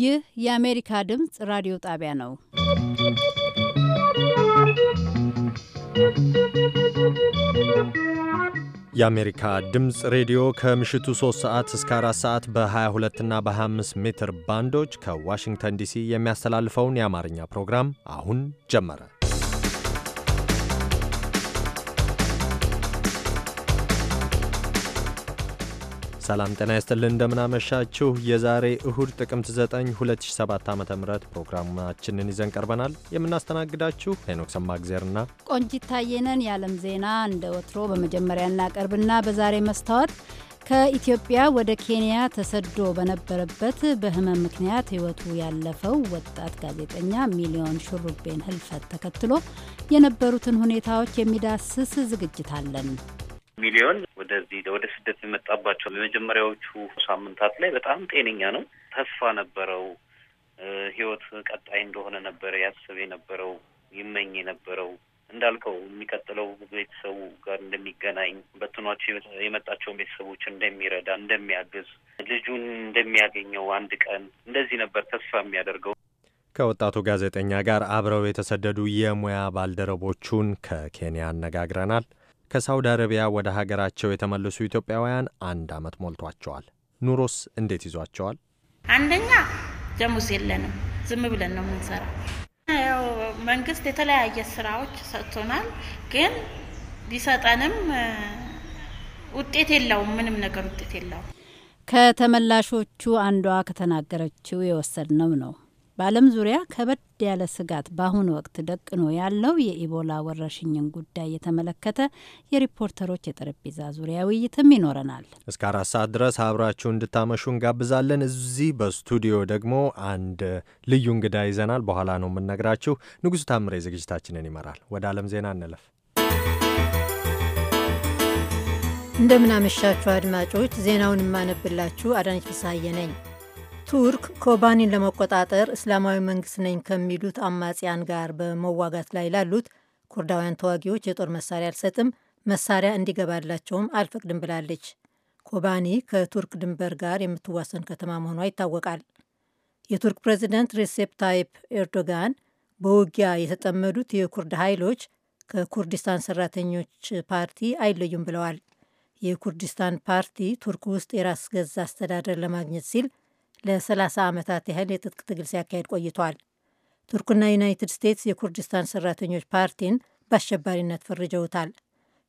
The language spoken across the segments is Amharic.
ይህ የአሜሪካ ድምፅ ራዲዮ ጣቢያ ነው። የአሜሪካ ድምፅ ሬዲዮ ከምሽቱ 3 ሰዓት እስከ 4 ሰዓት በ22 እና በ25 ሜትር ባንዶች ከዋሽንግተን ዲሲ የሚያስተላልፈውን የአማርኛ ፕሮግራም አሁን ጀመረ። ሰላም ጤና ይስጥልን እንደምናመሻችሁ። የዛሬ እሁድ ጥቅምት 9 2007 ዓ ም ፕሮግራማችንን ይዘን ቀርበናል። የምናስተናግዳችሁ ሄኖክ ሰማግዜርና ቆንጂት ታየነን። የዓለም ዜና እንደ ወትሮ በመጀመሪያ እናቀርብና በዛሬ መስታወት ከኢትዮጵያ ወደ ኬንያ ተሰዶ በነበረበት በህመም ምክንያት ህይወቱ ያለፈው ወጣት ጋዜጠኛ ሚሊዮን ሹሩቤን ህልፈት ተከትሎ የነበሩትን ሁኔታዎች የሚዳስስ ዝግጅት አለን። ሚሊዮን ወደዚህ ወደ ስደት የመጣባቸው የመጀመሪያዎቹ ሳምንታት ላይ በጣም ጤነኛ ነው። ተስፋ ነበረው። ህይወት ቀጣይ እንደሆነ ነበረ ያስብ የነበረው ይመኝ የነበረው እንዳልከው የሚቀጥለው ቤተሰቡ ጋር እንደሚገናኝ በትኗቸው የመጣቸውን ቤተሰቦች እንደሚረዳ፣ እንደሚያግዝ፣ ልጁን እንደሚያገኘው አንድ ቀን እንደዚህ ነበር ተስፋ የሚያደርገው። ከወጣቱ ጋዜጠኛ ጋር አብረው የተሰደዱ የሙያ ባልደረቦቹን ከኬንያ አነጋግረናል። ከሳውዲ አረቢያ ወደ ሀገራቸው የተመለሱ ኢትዮጵያውያን አንድ ዓመት ሞልቷቸዋል። ኑሮስ እንዴት ይዟቸዋል? አንደኛ ጀሙስ የለንም፣ ዝም ብለን ነው የምንሰራ። ያው መንግስት የተለያየ ስራዎች ሰጥቶናል፣ ግን ቢሰጠንም ውጤት የለውም፣ ምንም ነገር ውጤት የለውም። ከተመላሾቹ አንዷ ከተናገረችው የወሰድነው ነው። በዓለም ዙሪያ ከበድ ያለ ስጋት በአሁኑ ወቅት ደቅኖ ያለው የኢቦላ ወረርሽኝን ጉዳይ የተመለከተ የሪፖርተሮች የጠረጴዛ ዙሪያ ውይይትም ይኖረናል። እስከ አራት ሰዓት ድረስ አብራችሁ እንድታመሹ እንጋብዛለን። እዚህ በስቱዲዮ ደግሞ አንድ ልዩ እንግዳ ይዘናል። በኋላ ነው የምነግራችሁ። ንጉሱ ታምሬ ዝግጅታችንን ይመራል። ወደ ዓለም ዜና እንለፍ። እንደምናመሻችሁ አድማጮች፣ ዜናውን የማነብላችሁ አዳነች ፍስሀዬ ነኝ። ቱርክ ኮባኒን ለመቆጣጠር እስላማዊ መንግስት ነኝ ከሚሉት አማጽያን ጋር በመዋጋት ላይ ላሉት ኩርዳውያን ተዋጊዎች የጦር መሳሪያ አልሰጥም፣ መሳሪያ እንዲገባላቸውም አልፈቅድም ብላለች። ኮባኒ ከቱርክ ድንበር ጋር የምትዋሰን ከተማ መሆኗ ይታወቃል። የቱርክ ፕሬዚደንት ሬሴፕ ታይፕ ኤርዶጋን በውጊያ የተጠመዱት የኩርድ ኃይሎች ከኩርዲስታን ሰራተኞች ፓርቲ አይለዩም ብለዋል። የኩርዲስታን ፓርቲ ቱርክ ውስጥ የራስ ገዛ አስተዳደር ለማግኘት ሲል ለ30 ዓመታት ያህል የትጥቅ ትግል ሲያካሄድ ቆይቷል። ቱርክና ዩናይትድ ስቴትስ የኩርዲስታን ሰራተኞች ፓርቲን በአሸባሪነት ፈርጀውታል።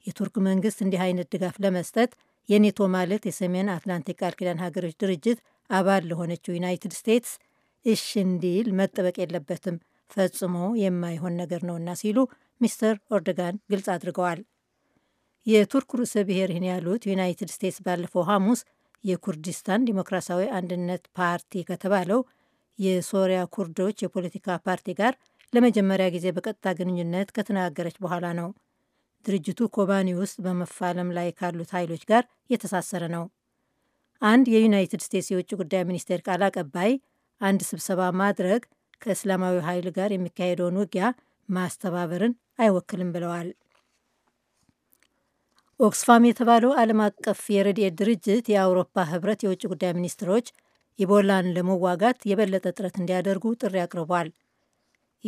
የቱርክ መንግስት እንዲህ አይነት ድጋፍ ለመስጠት የኔቶ ማለት የሰሜን አትላንቲክ ቃል ኪዳን ሀገሮች ድርጅት አባል ለሆነችው ዩናይትድ ስቴትስ እሽ እንዲል መጠበቅ የለበትም ፈጽሞ የማይሆን ነገር ነውና ሲሉ ሚስተር ኦርዶጋን ግልጽ አድርገዋል። የቱርክ ርዕሰ ብሔር ይህን ያሉት ዩናይትድ ስቴትስ ባለፈው ሐሙስ የኩርዲስታን ዲሞክራሲያዊ አንድነት ፓርቲ ከተባለው የሶሪያ ኩርዶች የፖለቲካ ፓርቲ ጋር ለመጀመሪያ ጊዜ በቀጥታ ግንኙነት ከተነጋገረች በኋላ ነው። ድርጅቱ ኮባኒ ውስጥ በመፋለም ላይ ካሉት ኃይሎች ጋር የተሳሰረ ነው። አንድ የዩናይትድ ስቴትስ የውጭ ጉዳይ ሚኒስቴር ቃል አቀባይ አንድ ስብሰባ ማድረግ ከእስላማዊ ኃይል ጋር የሚካሄደውን ውጊያ ማስተባበርን አይወክልም ብለዋል። ኦክስፋም የተባለው ዓለም አቀፍ የረድኤት ድርጅት የአውሮፓ ህብረት የውጭ ጉዳይ ሚኒስትሮች ኢቦላን ለመዋጋት የበለጠ ጥረት እንዲያደርጉ ጥሪ አቅርቧል።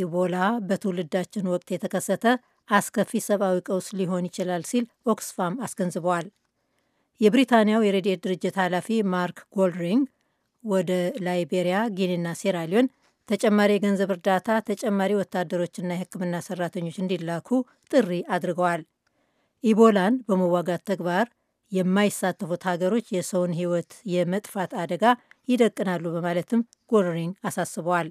ኢቦላ በትውልዳችን ወቅት የተከሰተ አስከፊ ሰብአዊ ቀውስ ሊሆን ይችላል ሲል ኦክስፋም አስገንዝበዋል። የብሪታንያው የረድኤት ድርጅት ኃላፊ ማርክ ጎልድሪንግ ወደ ላይቤሪያ፣ ጊኒና ሴራሊዮን ተጨማሪ የገንዘብ እርዳታ፣ ተጨማሪ ወታደሮችና የሕክምና ሰራተኞች እንዲላኩ ጥሪ አድርገዋል። ኢቦላን በመዋጋት ተግባር የማይሳተፉት ሀገሮች የሰውን ሕይወት የመጥፋት አደጋ ይደቅናሉ በማለትም ጎረሪን አሳስበዋል።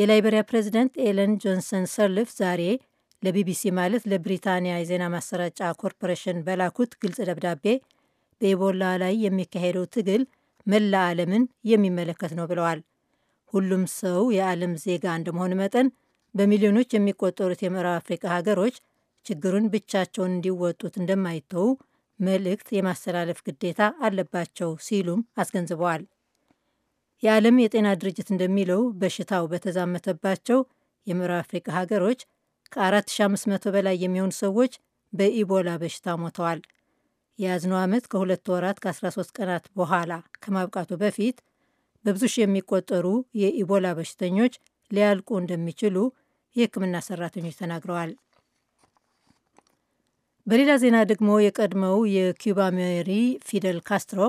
የላይበሪያ ፕሬዚደንት ኤለን ጆንሰን ሰርልፍ ዛሬ ለቢቢሲ ማለት ለብሪታንያ የዜና ማሰራጫ ኮርፖሬሽን በላኩት ግልጽ ደብዳቤ በኢቦላ ላይ የሚካሄደው ትግል መላ ዓለምን የሚመለከት ነው ብለዋል። ሁሉም ሰው የዓለም ዜጋ እንደመሆን መጠን በሚሊዮኖች የሚቆጠሩት የምዕራብ አፍሪካ ሀገሮች ችግሩን ብቻቸውን እንዲወጡት እንደማይተዉ መልእክት የማስተላለፍ ግዴታ አለባቸው ሲሉም አስገንዝበዋል። የዓለም የጤና ድርጅት እንደሚለው በሽታው በተዛመተባቸው የምዕራብ አፍሪካ ሀገሮች ከ4500 በላይ የሚሆኑ ሰዎች በኢቦላ በሽታ ሞተዋል። የያዝነው ዓመት ከሁለት ወራት ከ13 ቀናት በኋላ ከማብቃቱ በፊት በብዙ ሺህ የሚቆጠሩ የኢቦላ በሽተኞች ሊያልቁ እንደሚችሉ የሕክምና ሰራተኞች ተናግረዋል። በሌላ ዜና ደግሞ የቀድሞው የኪዩባ መሪ ፊደል ካስትሮ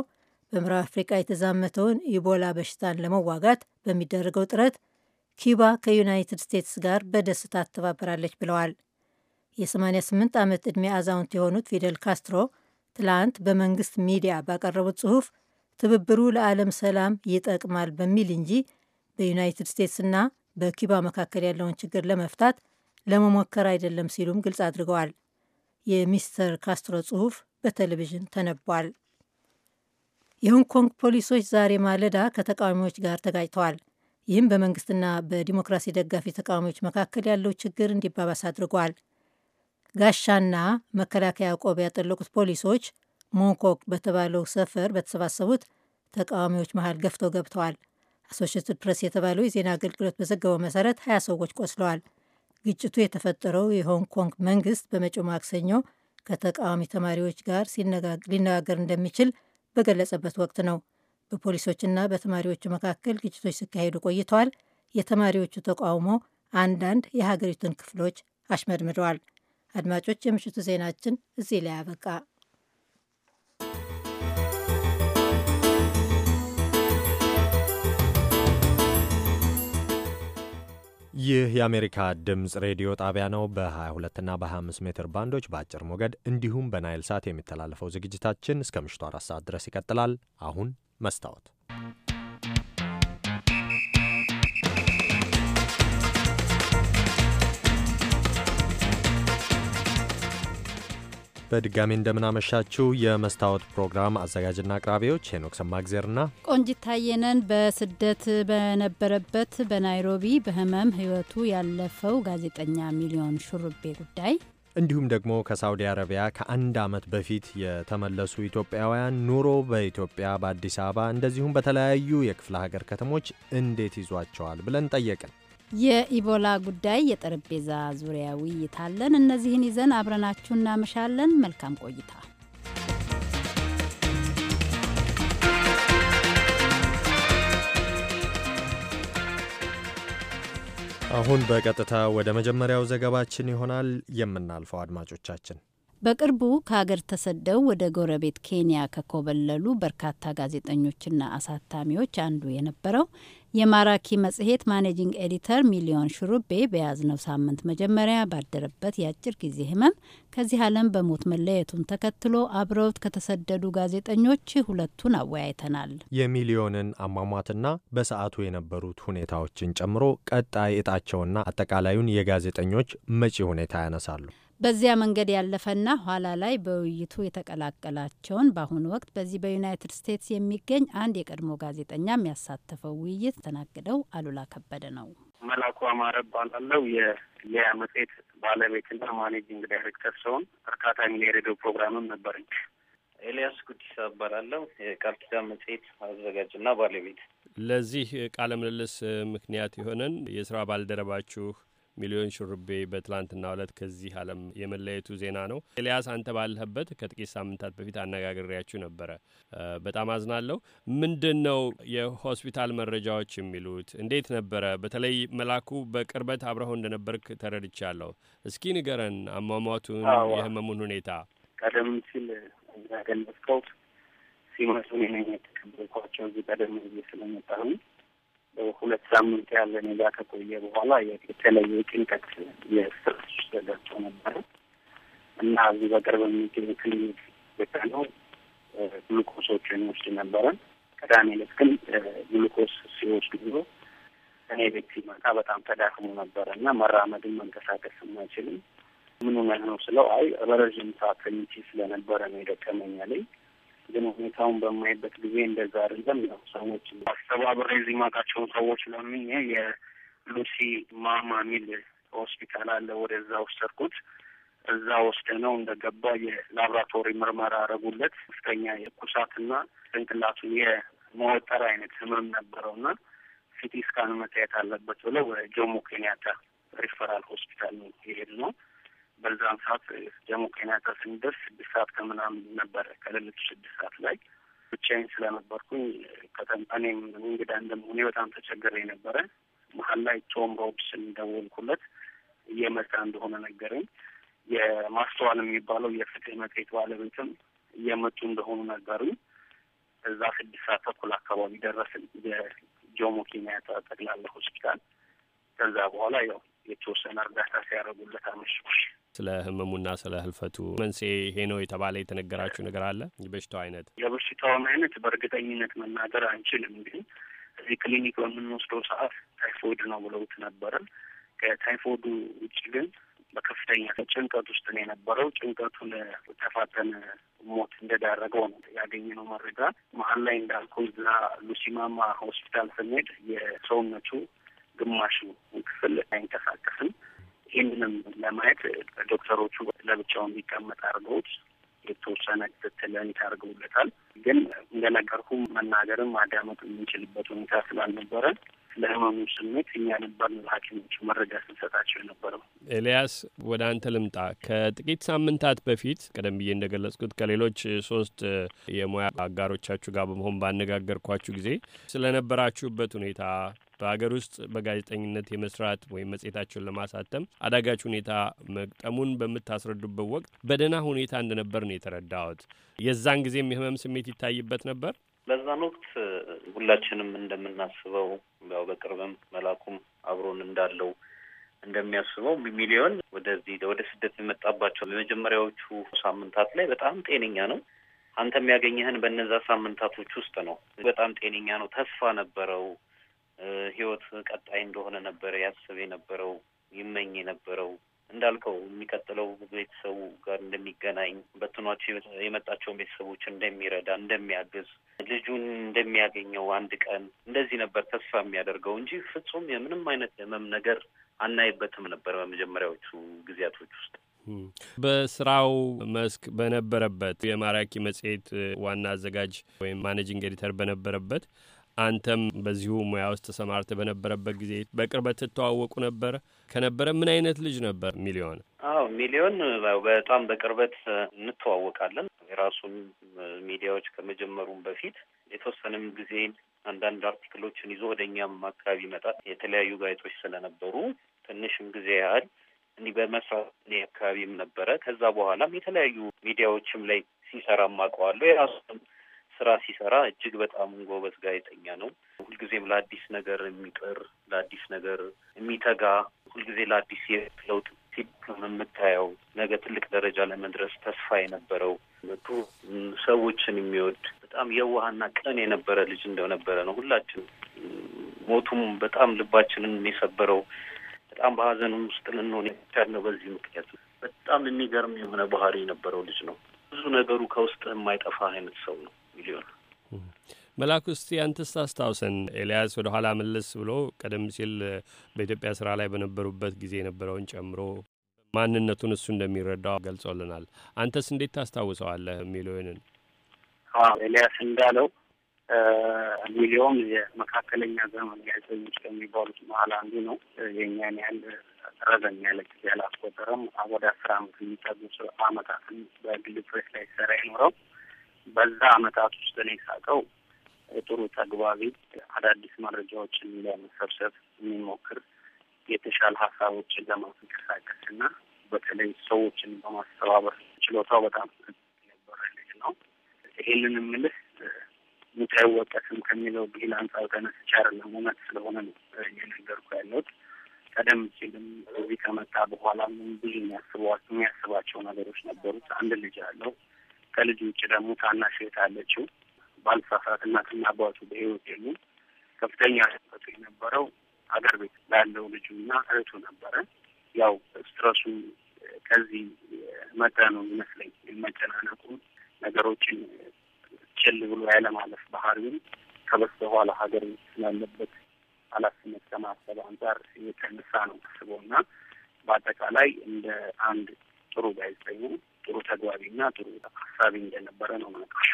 በምዕራብ አፍሪቃ የተዛመተውን ኢቦላ በሽታን ለመዋጋት በሚደረገው ጥረት ኪዩባ ከዩናይትድ ስቴትስ ጋር በደስታ ትተባበራለች ብለዋል። የ88 ዓመት ዕድሜ አዛውንት የሆኑት ፊደል ካስትሮ ትላንት በመንግስት ሚዲያ ባቀረቡት ጽሑፍ ትብብሩ ለዓለም ሰላም ይጠቅማል በሚል እንጂ በዩናይትድ ስቴትስና በኩባ መካከል ያለውን ችግር ለመፍታት ለመሞከር አይደለም ሲሉም ግልጽ አድርገዋል። የሚስተር ካስትሮ ጽሑፍ በቴሌቪዥን ተነቧል። የሆንግ ኮንግ ፖሊሶች ዛሬ ማለዳ ከተቃዋሚዎች ጋር ተጋጭተዋል። ይህም በመንግስትና በዲሞክራሲ ደጋፊ ተቃዋሚዎች መካከል ያለው ችግር እንዲባባስ አድርጓል። ጋሻና መከላከያ ቆብ ያጠለቁት ፖሊሶች ሞንኮክ በተባለው ሰፈር በተሰባሰቡት ተቃዋሚዎች መሃል ገፍተው ገብተዋል። አሶሽትድ ፕሬስ የተባለው የዜና አገልግሎት በዘገበው መሰረት ሀያ ሰዎች ቆስለዋል። ግጭቱ የተፈጠረው የሆንግ ኮንግ መንግስት በመጪው ማክሰኞ ከተቃዋሚ ተማሪዎች ጋር ሊነጋገር እንደሚችል በገለጸበት ወቅት ነው። በፖሊሶችና በተማሪዎቹ መካከል ግጭቶች ሲካሄዱ ቆይተዋል። የተማሪዎቹ ተቃውሞ አንዳንድ የሀገሪቱን ክፍሎች አሽመድምደዋል። አድማጮች፣ የምሽቱ ዜናችን እዚህ ላይ አበቃ። ይህ የአሜሪካ ድምፅ ሬዲዮ ጣቢያ ነው። በ22ና በ25 ሜትር ባንዶች በአጭር ሞገድ እንዲሁም በናይል ሳት የሚተላለፈው ዝግጅታችን እስከ ምሽቱ አራት ሰዓት ድረስ ይቀጥላል። አሁን መስታወት በድጋሚ እንደምናመሻችው የመስታወት ፕሮግራም አዘጋጅና አቅራቢዎች ሄኖክ ሰማግዜርና ቆንጂት ታየነን። በስደት በነበረበት በናይሮቢ በህመም ህይወቱ ያለፈው ጋዜጠኛ ሚሊዮን ሹርቤ ጉዳይ እንዲሁም ደግሞ ከሳውዲ አረቢያ ከአንድ ዓመት በፊት የተመለሱ ኢትዮጵያውያን ኑሮ በኢትዮጵያ በአዲስ አበባ እንደዚሁም በተለያዩ የክፍለ ሀገር ከተሞች እንዴት ይዟቸዋል ብለን ጠየቅን። የኢቦላ ጉዳይ የጠረጴዛ ዙሪያ ውይይት አለን። እነዚህን ይዘን አብረናችሁ እናመሻለን። መልካም ቆይታ። አሁን በቀጥታ ወደ መጀመሪያው ዘገባችን ይሆናል የምናልፈው አድማጮቻችን። በቅርቡ ከሀገር ተሰደው ወደ ጎረቤት ኬንያ ከኮበለሉ በርካታ ጋዜጠኞችና አሳታሚዎች አንዱ የነበረው የማራኪ መጽሔት ማኔጂንግ ኤዲተር ሚሊዮን ሹሩቤ በያዝነው ሳምንት መጀመሪያ ባደረበት የአጭር ጊዜ ሕመም ከዚህ ዓለም በሞት መለየቱን ተከትሎ አብረውት ከተሰደዱ ጋዜጠኞች ሁለቱን አወያይተናል። የሚሊዮንን አሟሟትና በሰዓቱ የነበሩት ሁኔታዎችን ጨምሮ ቀጣይ እጣቸውና አጠቃላዩን የጋዜጠኞች መጪ ሁኔታ ያነሳሉ። በዚያ መንገድ ያለፈና ኋላ ላይ በውይይቱ የተቀላቀላቸውን በአሁኑ ወቅት በዚህ በዩናይትድ ስቴትስ የሚገኝ አንድ የቀድሞ ጋዜጠኛ የሚያሳተፈው ውይይት ተናግደው አሉላ ከበደ ነው። መላኩ አማረ ባላለው የሊያ መጽሔት ባለቤትና ማኔጂንግ ዳይሬክተር ሲሆን በርካታ ሚሊየር ፕሮግራምም ነበረኝ። ኤልያስ ጉዲሳ እባላለሁ። የቃል ኪዳን መጽሔት አዘጋጅና ባለቤት። ለዚህ ቃለ ምልልስ ምክንያት የሆነን የስራ ባልደረባችሁ ሚሊዮን ሹርቤ በትላንትና ዕለት ከዚህ ዓለም የመለየቱ ዜና ነው። ኤልያስ አንተ ባለህበት ከጥቂት ሳምንታት በፊት አነጋግሬያችሁ ነበረ። በጣም አዝናለሁ። ምንድን ነው የሆስፒታል መረጃዎች የሚሉት? እንዴት ነበረ? በተለይ መላኩ በቅርበት አብረኸው እንደነበርክ ተረድቻለሁ። እስኪ ንገረን አሟሟቱን፣ የህመሙን ሁኔታ ቀደም ሲል ያገለጽከው ሲመጡ ነኝ የተቀበልኳቸው እዚህ ቀደም ስለመጣሁ ሁለት ሳምንት ያለ ኔጋ ከቆየ በኋላ የተለየ ጭንቀት የስርስ ተደርሶ ነበረ እና እዚህ በቅርብ የሚገኝ ክሊኒክ ነው ግሉኮሶችን ወስድ ነበረን። ቅዳሜ ዕለት ግን ግሉኮስ ሲወስድ ብሎ እኔ ቤት ሲመጣ በጣም ተዳክሞ ነበረ እና መራመድን መንቀሳቀስ አይችልም። ምኑ ነው ስለው አይ በረዥም ሰዓት ተኝቼ ስለነበረ ነው የደከመኝ አለኝ። ግን ሁኔታውን በማይበት ጊዜ እንደዛ አይደለም። ያው ሰዎች አስተባብሬ እዚህ ማውቃቸውን ሰዎች ለምኜ የሉሲ ማማ ሚል ሆስፒታል አለ። ወደዛ ወሰድኩት። እዛ ወስደ ነው እንደገባ የላብራቶሪ ምርመራ አረጉለት። ከፍተኛ የኩሳትና ጭንቅላቱን የመወጠር አይነት ህመም ነበረውና ሲቲ ስካን መታየት አለበት ብለው ወደ ጆሞ ኬንያታ ሪፈራል ሆስፒታል ነው የሄድነው። በዛም ሰዓት ጀሞ ኬንያታ ስንደርስ ስድስት ሰዓት ከምናምን ነበረ። ከሌሊቱ ስድስት ሰዓት ላይ ብቻዬን ስለነበርኩኝ ከተምጠኔም እንግዳ እንደመሆኔ በጣም ተቸገረ ነበረ። መሀል ላይ ቶም ሮብስ እንደወልኩለት እየመጣ እንደሆነ ነገረኝ። የማስተዋል የሚባለው የፍትህ መጽሔት ባለቤትም እየመጡ እንደሆኑ ነገሩኝ። እዛ ስድስት ሰዓት ተኩል አካባቢ ደረስን የጆሞ ኬንያታ ጠቅላላ ሆስፒታል። ከዛ በኋላ ያው የተወሰነ እርዳታ ሲያደርጉለት አመሽኩ። ስለ ህመሙና ስለ ህልፈቱ መንስኤ ይሄ ነው የተባለ የተነገራችሁ ነገር አለ? የበሽታው አይነት የበሽታውን አይነት በእርግጠኝነት መናገር አንችልም፣ ግን እዚህ ክሊኒክ በምንወስደው ሰዓት ታይፎይድ ነው ብለውት ነበረ። ከታይፎይዱ ውጭ ግን በከፍተኛ ጭንቀት ውስጥ ነው የነበረው። ጭንቀቱን ተፋጠነ ሞት እንደዳረገው ነው ያገኘነው መረጃ። መሀል ላይ እንዳልኩ እዛ ሉሲማማ ሆስፒታል ስንሄድ የሰውነቱ ግማሹ ክፍል አይንቀሳቀስም። ይህንንም ለማየት ዶክተሮቹ ለብቻው እንዲቀመጥ አድርገውት የተወሰነ ክትትል እንዲያደርገውለታል። ግን እንደነገርኩ መናገርም ማዳመጥ የምንችልበት ሁኔታ ስላልነበረ ለህመሙ ስሜት እኛ ነበር ሐኪሞቹ መረጃ ስንሰጣቸው የነበረው። ኤልያስ ወደ አንተ ልምጣ። ከጥቂት ሳምንታት በፊት ቀደም ብዬ እንደገለጽኩት ከሌሎች ሶስት የሙያ አጋሮቻችሁ ጋር በመሆን ባነጋገርኳችሁ ጊዜ ስለነበራችሁበት ሁኔታ በሀገር ውስጥ በጋዜጠኝነት የመስራት ወይም መጽሔታቸውን ለማሳተም አዳጋች ሁኔታ መግጠሙን በምታስረዱበት ወቅት በደህና ሁኔታ እንደነበር ነው የተረዳሁት። የዛን ጊዜም የህመም ስሜት ይታይበት ነበር። በዛን ወቅት ሁላችንም እንደምናስበው ያው በቅርብም መላኩም አብሮን እንዳለው እንደሚያስበው ሚሊዮን ወደዚህ ወደ ስደት የመጣባቸው የመጀመሪያዎቹ ሳምንታት ላይ በጣም ጤነኛ ነው። አንተ የሚያገኘህን በነዛ ሳምንታቶች ውስጥ ነው። በጣም ጤነኛ ነው። ተስፋ ነበረው። ህይወት ቀጣይ እንደሆነ ነበረ ያስብ የነበረው ይመኝ የነበረው እንዳልከው የሚቀጥለው ቤተሰቡ ጋር እንደሚገናኝ በትኗቸው የመጣቸውን ቤተሰቦች እንደሚረዳ እንደሚያግዝ ልጁን እንደሚያገኘው አንድ ቀን እንደዚህ ነበር ተስፋ የሚያደርገው እንጂ ፍጹም የምንም አይነት ህመም ነገር አናይበትም ነበር በመጀመሪያዎቹ ጊዜያቶች ውስጥ። በስራው መስክ በነበረበት የማራኪ መጽሔት ዋና አዘጋጅ ወይም ማኔጂንግ ኤዲተር በነበረበት አንተም በዚሁ ሙያ ውስጥ ተሰማርተ በነበረበት ጊዜ በቅርበት ትተዋወቁ ነበር። ከነበረ ምን አይነት ልጅ ነበር ሚሊዮን? አዎ ሚሊዮን በጣም በቅርበት እንተዋወቃለን። የራሱን ሚዲያዎች ከመጀመሩም በፊት የተወሰነም ጊዜ አንዳንድ አርቲክሎችን ይዞ ወደ እኛም አካባቢ ይመጣል። የተለያዩ ጋዜጦች ስለነበሩ ትንሽም ጊዜ ያህል እኒህ በመስራት እኔ አካባቢም ነበረ። ከዛ በኋላም የተለያዩ ሚዲያዎችም ላይ ሲሰራ ማውቀዋለሁ የራሱንም ስራ ሲሰራ እጅግ በጣም ጎበዝ ጋዜጠኛ ነው። ሁልጊዜም ለአዲስ ነገር የሚጥር ለአዲስ ነገር የሚተጋ ሁልጊዜ ለአዲስ ለውጥ ሲድክም የምታየው ነገ ትልቅ ደረጃ ለመድረስ ተስፋ የነበረው ሰዎችን የሚወድ በጣም የዋህና ቀን የነበረ ልጅ እንደነበረ ነው ሁላችን። ሞቱም በጣም ልባችንን የሰበረው በጣም በሀዘንም ውስጥ ልንሆን ነው። በዚህ ምክንያት በጣም የሚገርም የሆነ ባህሪ የነበረው ልጅ ነው። ብዙ ነገሩ ከውስጥ የማይጠፋ አይነት ሰው ነው። ሚሊዮን መላክ ውስጥ ያንተስ አስታውሰን ኤልያስ ወደ ኋላ መለስ ብሎ ቀደም ሲል በኢትዮጵያ ስራ ላይ በነበሩበት ጊዜ የነበረውን ጨምሮ ማንነቱን እሱ እንደሚረዳው ገልጾልናል። አንተስ እንዴት ታስታውሰዋለህ ሚሊዮንን? ኤልያስ እንዳለው ሚሊዮን የመካከለኛ ዘመን ጋዜጠኞች ከሚባሉት መሀል አንዱ ነው። የእኛን ያህል ረዘም ያለ ጊዜ አላስቆጠረም። ወደ አስራ አመት የሚጠጉ አመታትን በግል ፕሬስ ላይ ሰራ ይኖረው በዛ አመታት ውስጥ እኔ ሳቀው ጥሩ ተግባቢ፣ አዳዲስ መረጃዎችን ለመሰብሰብ የሚሞክር የተሻለ ሀሳቦችን ለማንቀሳቀስ እና በተለይ ሰዎችን በማስተባበር ችሎታው በጣም የነበረ ልጅ ነው። ይሄንን የምልህ ሙጫ አይወቀስም ከሚለው ብሂል አንጻር ተነስቼ አይደለም፣ እውነት ስለሆነ ነው እየነገርኩ ያለሁት። ቀደም ሲልም እዚህ ከመጣ በኋላ ብዙ የሚያስባቸው ነገሮች ነበሩት። አንድ ልጅ አለው ከልጅ ውጭ ደግሞ ታናሽ እህት አለችው። ባልሳሳት እናትና አባቱ በህይወት የሉ። ከፍተኛ ሰጡ የነበረው አገር ቤት ላለው ልጁና እህቱ ነበረ። ያው ስትረሱ ከዚህ መጠ ነው ይመስለኝ የመጨናነቁ ነገሮችን ችል ብሎ ያለማለፍ ባህሪውን ከበስተኋላ ሀገር ቤት ስላለበት ኃላፊነት ከማሰብ አንጻር የተነሳ ነው ስቦና በአጠቃላይ እንደ አንድ ጥሩ ጋዜጠኛ ጥሩ ተግባቢና ጥሩ አሳቢ እንደነበረ ነው መነቃሽ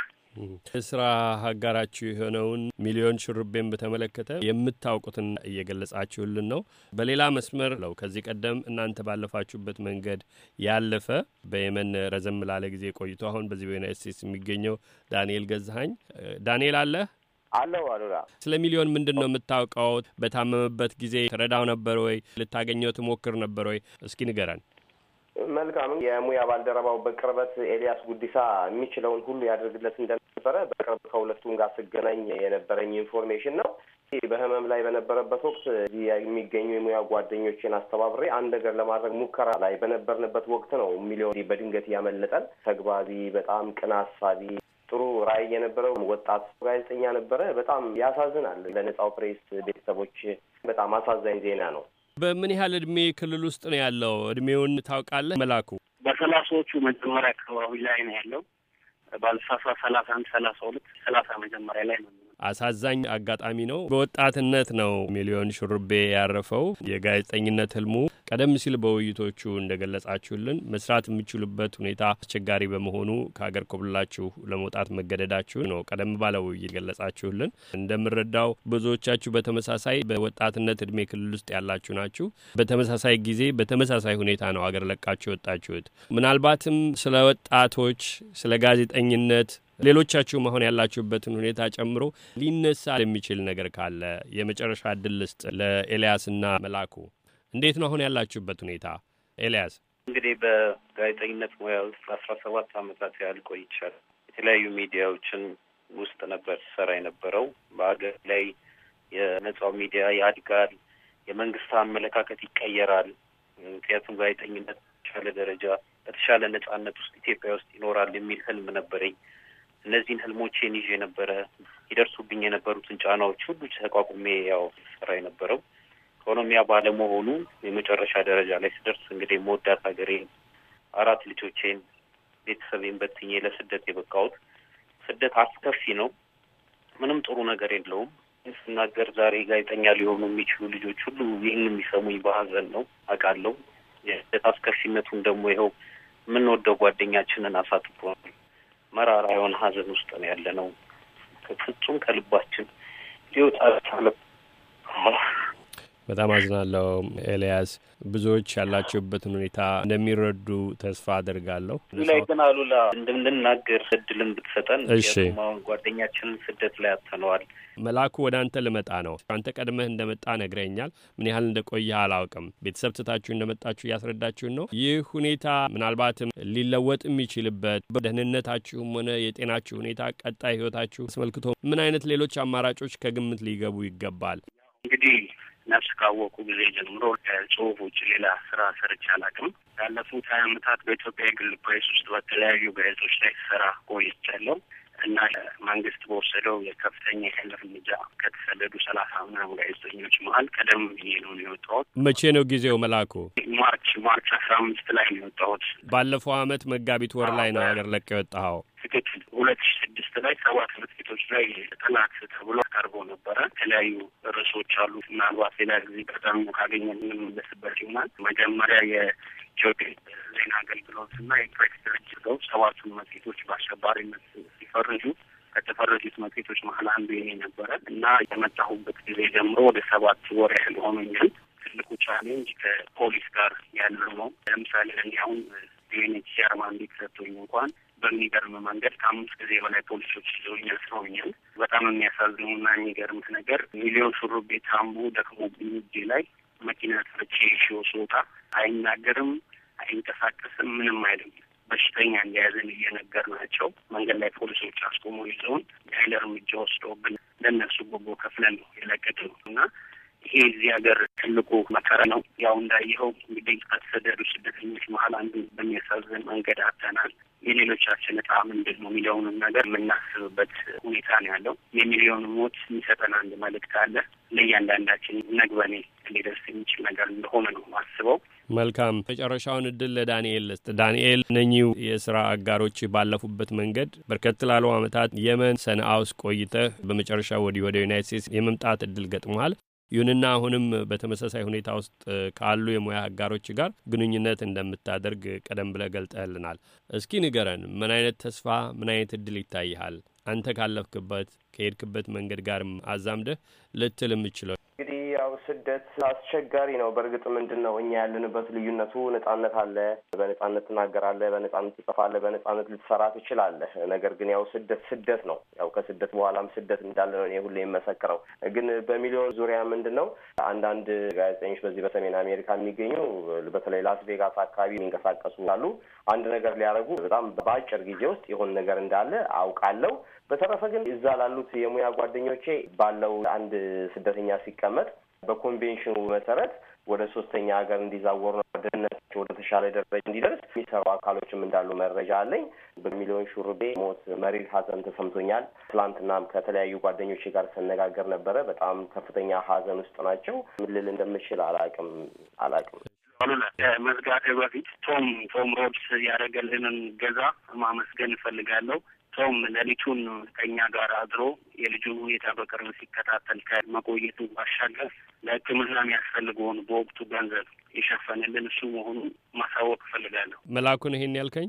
የስራ ሀጋራችሁ የሆነውን ሚሊዮን ሹርቤን በተመለከተ የምታውቁትን እየገለጻችሁልን ነው። በሌላ መስመር ለው ከዚህ ቀደም እናንተ ባለፋችሁበት መንገድ ያለፈ በየመን ረዘም ላለ ጊዜ ቆይቶ አሁን በዚህ በዩናይት ስቴትስ የሚገኘው ዳንኤል ገዛሀኝ ዳንኤል አለ አለው አሉላ፣ ስለ ሚሊዮን ምንድን ነው የምታውቀው? በታመመበት ጊዜ ትረዳው ነበር ወይ? ልታገኘው ትሞክር ነበር ወይ? እስኪ ንገረን። መልካም የሙያ ባልደረባው በቅርበት ኤልያስ ጉዲሳ የሚችለውን ሁሉ ያደርግለት እንደነበረ በቅርብ ከሁለቱም ጋር ስገናኝ የነበረኝ ኢንፎርሜሽን ነው። በህመም ላይ በነበረበት ወቅት የሚገኙ የሙያ ጓደኞችን አስተባብሬ አንድ ነገር ለማድረግ ሙከራ ላይ በነበርንበት ወቅት ነው ሚሊዮን በድንገት ያመለጠን። ተግባቢ፣ በጣም ቅን አሳቢ፣ ጥሩ ራዕይ የነበረው ወጣት ጋዜጠኛ ነበረ። በጣም ያሳዝናል። ለነጻው ፕሬስ ቤተሰቦች በጣም አሳዛኝ ዜና ነው። በምን ያህል እድሜ ክልል ውስጥ ነው ያለው? እድሜውን ታውቃለህ መላኩ? በሰላሳዎቹ መጀመሪያ አካባቢ ላይ ነው ያለው። ባልሳሳ ሰላሳ አንድ ሰላሳ ሁለት ሰላሳ መጀመሪያ ላይ ነው አሳዛኝ አጋጣሚ ነው። በወጣትነት ነው ሚሊዮን ሹርቤ ያረፈው። የጋዜጠኝነት ህልሙ ቀደም ሲል በውይይቶቹ እንደገለጻችሁልን መስራት የምችሉበት ሁኔታ አስቸጋሪ በመሆኑ ከሀገር ኮብላችሁ ለመውጣት መገደዳችሁ ነው። ቀደም ባለ ውይይት ገለጻችሁልን። እንደምረዳው ብዙዎቻችሁ በተመሳሳይ በወጣትነት እድሜ ክልል ውስጥ ያላችሁ ናችሁ። በተመሳሳይ ጊዜ በተመሳሳይ ሁኔታ ነው አገር ለቃችሁ የወጣችሁት። ምናልባትም ስለ ወጣቶች፣ ስለ ጋዜጠኝነት ሌሎቻችሁ መሆን ያላችሁበትን ሁኔታ ጨምሮ ሊነሳ የሚችል ነገር ካለ የመጨረሻ እድል ልስጥ ለኤልያስና መላኩ። እንዴት ነው አሁን ያላችሁበት ሁኔታ ኤልያስ? እንግዲህ በጋዜጠኝነት ሙያ ውስጥ አስራ ሰባት አመታት ያህል ቆይቻል። የተለያዩ ሚዲያዎችን ውስጥ ነበር ሰራ የነበረው። በሀገር ላይ የነጻው ሚዲያ ያድጋል፣ የመንግስት አመለካከት ይቀየራል። ምክንያቱም ጋዜጠኝነት በተሻለ ደረጃ በተሻለ ነጻነት ውስጥ ኢትዮጵያ ውስጥ ይኖራል የሚል ህልም ነበረኝ። እነዚህን ህልሞቼን ይዤ የነበረ ይደርሱብኝ የነበሩትን ጫናዎች ሁሉ ተቋቁሜ ያው ስራ የነበረው ሆኖም ያ ባለመሆኑ የመጨረሻ ደረጃ ላይ ስደርስ እንግዲህ መወዳት ሀገሬን፣ አራት ልጆቼን፣ ቤተሰቤን በትኜ ለስደት የበቃሁት ስደት አስከፊ ነው። ምንም ጥሩ ነገር የለውም። ስናገር ዛሬ ጋዜጠኛ ሊሆኑ የሚችሉ ልጆች ሁሉ ይህን የሚሰሙኝ በሀዘን ነው አውቃለሁ። የስደት አስከፊነቱን ደግሞ ይኸው የምንወደው ጓደኛችንን አሳትፎ መራራ የሆነ ሀዘን ውስጥ ነው ያለ ነው። ከፍጹም ከልባችን ሊወጣ ሳለም በጣም አዝናለሁ ኤልያስ። ብዙዎች ያላቸውበትን ሁኔታ እንደሚረዱ ተስፋ አድርጋለሁ። ላይ ግን አሉላ እንደምንናገር እድልን ብትሰጠን፣ ሁን ጓደኛችንን ስደት ላይ አተነዋል። መልአኩ ወደ አንተ ልመጣ ነው። አንተ ቀድመህ እንደመጣ ነግረኛል። ምን ያህል እንደቆየ አላውቅም። ቤተሰብ ትታችሁ እንደመጣችሁ እያስረዳችሁን ነው። ይህ ሁኔታ ምናልባትም ሊለወጥ የሚችልበት በደህንነታችሁም ሆነ የጤናችሁ ሁኔታ ቀጣይ ህይወታችሁ አስመልክቶ ምን አይነት ሌሎች አማራጮች ከግምት ሊገቡ ይገባል? እንግዲህ ነፍስ ካወቁ ጊዜ ጀምሮ ከጽሁፍ ውጭ ሌላ ስራ ሰርቼ አላውቅም። ያለፉት ሀያ አመታት በኢትዮጵያ የግል ፕሬስ ውስጥ በተለያዩ ጋዜጦች ላይ ስራ ቆይቻለሁ። እና መንግስት በወሰደው የከፍተኛ የኃይል እርምጃ ከተሰደዱ ሰላሳ ምናምን ጋዜጠኞች መሀል ቀደም ብዬ ነው የወጣሁት። መቼ ነው ጊዜው መላኩ? ማርች ማርች አስራ አምስት ላይ ነው የወጣሁት። ባለፈው አመት መጋቢት ወር ላይ ነው ሀገር ለቀ የወጣኸው? ትክክል ሁለት ሺ ስድስት ላይ ሰባት ትምህርት ቤቶች ላይ ጥናት ተብሎ ቀርቦ ነበረ። የተለያዩ ርዕሶች አሉ። ምናልባት ሌላ ጊዜ ቀጠሮ ካገኘ የምንመለስበት ይሆናል። መጀመሪያ የኢትዮጵያ ዜና አገልግሎት አገልግሎትና የፕሬስ ድርጅት ነው ሰባቱን መጽሔቶች በአሸባሪነት ሲፈርጁ ከተፈረጁት መጽሔቶች መሀል አንዱ ይሄ ነበረ እና የመጣሁበት ጊዜ ጀምሮ ወደ ሰባት ወር ያህል ሆኖኛል። ትልቁ ቻሌንጅ ከፖሊስ ጋር ያለው ነው። ለምሳሌ እኔ አሁን ዲኤንኤች ጀርማ እንዲት ሰጥቶኝ እንኳን በሚገርም መንገድ ከአምስት ጊዜ በላይ ፖሊሶች ይዘውኝ አስረውኛል። በጣም የሚያሳዝኑና የሚገርምት ነገር ሚሊዮን ሹሩቤ ታምቦ ደክሞ እጄ ላይ መኪና ትርቼ ሽዮ ስወጣ አይናገርም፣ አይንቀሳቀስም፣ ምንም አይልም። በሽተኛ እንደያዘን እየነገር ናቸው። መንገድ ላይ ፖሊሶች አስቆሞ ይዘውን የኃይል እርምጃ ወስደውብን ለእነሱ ጎቦ ከፍለን ነው የለቀቅነው እና ይሄ እዚህ ሀገር ትልቁ መከራ ነው። ያው እንዳየኸው እንግዲህ ከተሰደዱ ስደተኞች መሀል አንዱ በሚያሳዝን መንገድ አተናል የሌሎቻችን እጣ ምንድን ነው የሚለውንም ነገር የምናስብበት ሁኔታ ነው ያለው። የሚሊዮን ሞት የሚሰጠን አንድ መልእክት አለ። ለእያንዳንዳችን ነግበኔ ሊደርስ የሚችል ነገር እንደሆነ ነው ማስበው። መልካም መጨረሻውን እድል ለዳንኤል ልስጥ። ዳንኤል እነኚህ የስራ አጋሮች ባለፉበት መንገድ በርከት ላሉ አመታት የመን ሰንአ ውስጥ ቆይተህ በመጨረሻ ወዲህ ወደ ዩናይት ስቴትስ የመምጣት እድል ገጥመሃል። ይሁንና አሁንም በተመሳሳይ ሁኔታ ውስጥ ካሉ የሙያ አጋሮች ጋር ግንኙነት እንደምታደርግ ቀደም ብለህ ገልጠህልናል። እስኪ ንገረን፣ ምን አይነት ተስፋ ምን አይነት እድል ይታይሃል? አንተ ካለፍክበት ከሄድክበት መንገድ ጋርም አዛምደህ ልትል የምችለው ያው ስደት አስቸጋሪ ነው። በእርግጥ ምንድን ነው እኛ ያለንበት ልዩነቱ ነጻነት አለ። በነጻነት ትናገራለህ፣ በነጻነት ትጽፋለህ፣ በነጻነት ልትሰራ ትችላለህ። ነገር ግን ያው ስደት ስደት ነው። ያው ከስደት በኋላም ስደት እንዳለ ነው እኔ ሁሌ የመሰክረው። ግን በሚሊዮን ዙሪያ ምንድን ነው አንዳንድ ጋዜጠኞች በዚህ በሰሜን አሜሪካ የሚገኙ በተለይ ላስ ቬጋስ አካባቢ የሚንቀሳቀሱ አሉ። አንድ ነገር ሊያደርጉ በጣም በአጭር ጊዜ ውስጥ የሆነ ነገር እንዳለ አውቃለሁ። በተረፈ ግን እዛ ላሉት የሙያ ጓደኞቼ ባለው አንድ ስደተኛ ሲቀመጥ በኮንቬንሽኑ መሰረት ወደ ሶስተኛ ሀገር እንዲዛወሩ ደህንነታቸው ወደ ተሻለ ደረጃ እንዲደርስ የሚሰሩ አካሎችም እንዳሉ መረጃ አለኝ። በሚሊዮን ሹርቤ ሞት መሪር ሀዘን ተሰምቶኛል። ትላንትናም ከተለያዩ ጓደኞች ጋር ስነጋገር ነበረ። በጣም ከፍተኛ ሀዘን ውስጥ ናቸው። ምን ልል እንደምችል አላቅም አላቅም። አሉላ ከመዝጋቴ በፊት ቶም ቶም ሮድስ ያደረገልንን ገዛ ማመስገን እፈልጋለሁ። ሰውም ሌሊቱን ቀኛ ጋር አድሮ የልጁ ሁኔታ በቅርብ ሲከታተል ከመቆየቱ ባሻገር ለሕክምና የሚያስፈልገውን በወቅቱ ገንዘብ የሸፈነልን እሱ መሆኑን ማሳወቅ እፈልጋለሁ። መላኩን ይሄን ያልከኝ?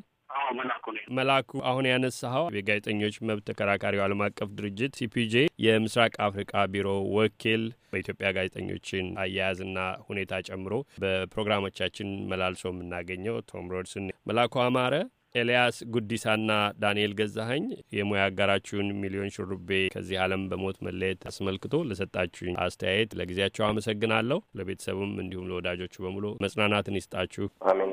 መላኩ መላኩ አሁን ያነሳኸው የጋዜጠኞች መብት ተከራካሪው ዓለም አቀፍ ድርጅት ሲፒጄ የምስራቅ አፍሪቃ ቢሮ ወኪል በኢትዮጵያ ጋዜጠኞችን አያያዝና ሁኔታ ጨምሮ በፕሮግራሞቻችን መላልሶ የምናገኘው ቶም ሮድስን መላኩ አማረ ኤልያስ ጉዲሳና ዳንኤል ገዛኸኝ የሙያ አጋራችሁን ሚሊዮን ሹሩቤ ከዚህ ዓለም በሞት መለየት አስመልክቶ ለሰጣችሁ አስተያየት ለጊዜያቸው አመሰግናለሁ። ለቤተሰቡም እንዲሁም ለወዳጆቹ በሙሉ መጽናናትን ይስጣችሁ። አሜን።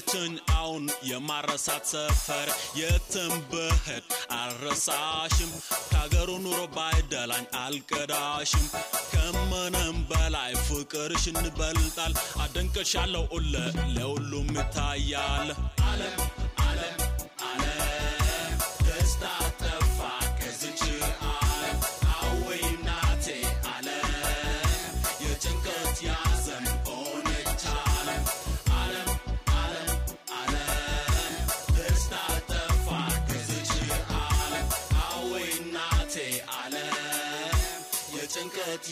የለችኝ አሁን የማረሳት ሰፈር የትም ብህድ አረሳሽም ከሀገሩ ኑሮ ባይደላኝ አልቀዳሽም ከምንም በላይ ፍቅርሽ እንበልጣል አደንቅሻለሁ ለ ለሁሉም ይታያል አለም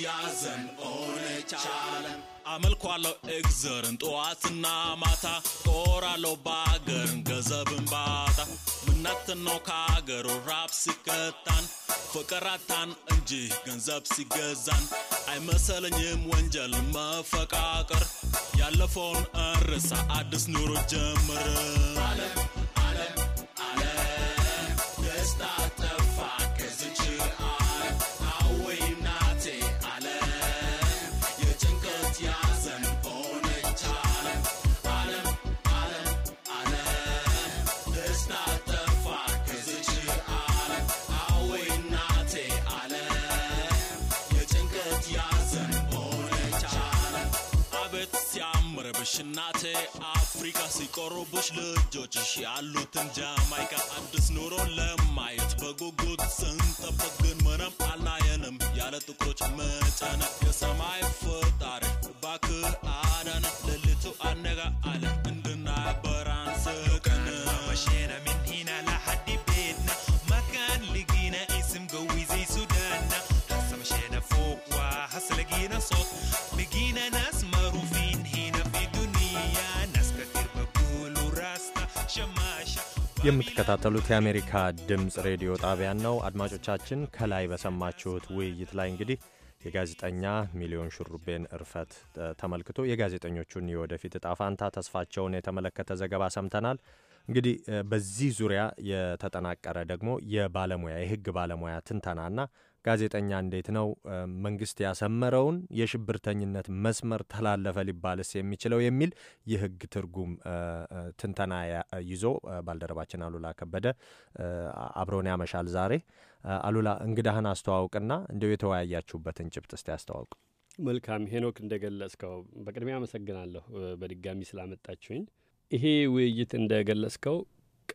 ያዘን ሆነች አለም አመልኳለሁ እግዘርን ጠዋትና ማታ ጦራለሁ በአገርን ገንዘብን ባታ ምናትን ነው ከአገሩ ራብ ሲከታን ፍቅራታን እንጂ ገንዘብ ሲገዛን አይመሰለኝም ወንጀል መፈቃቀር ያለፈውን እርሳ አዲስ ኑሮ ጀምር አለም እናቴ አፍሪካ ሲቆርቡሽ ልጆችሽ ያሉትን ጃማይካ አዲስ ኑሮ ለማየት በጉጉት ስንጠብቅ ግን ምንም አላየንም ያለ ጥቁሮች መጨነ የሰማይ ፈጣሪ ባክ አዳነ ሌሊቱ አነጋ አለ የምትከታተሉት የአሜሪካ ድምፅ ሬዲዮ ጣቢያን ነው። አድማጮቻችን ከላይ በሰማችሁት ውይይት ላይ እንግዲህ የጋዜጠኛ ሚሊዮን ሹሩቤን እርፈት ተመልክቶ የጋዜጠኞቹን የወደፊት እጣ ተስፋቸውን የተመለከተ ዘገባ ሰምተናል። እንግዲህ በዚህ ዙሪያ የተጠናቀረ ደግሞ የባለሙያ የሕግ ባለሙያ ትንተናና ጋዜጠኛ እንዴት ነው መንግስት ያሰመረውን የሽብርተኝነት መስመር ተላለፈ ሊባልስ የሚችለው የሚል የህግ ትርጉም ትንተና ይዞ ባልደረባችን አሉላ ከበደ አብሮን ያመሻል ዛሬ። አሉላ እንግዳህን አስተዋውቅና እንዲሁ የተወያያችሁበትን ጭብጥ እስቲ አስተዋውቅ። መልካም ሄኖክ፣ እንደገለጽከው በቅድሚያ አመሰግናለሁ በድጋሚ ስላመጣችሁኝ። ይሄ ውይይት እንደገለጽከው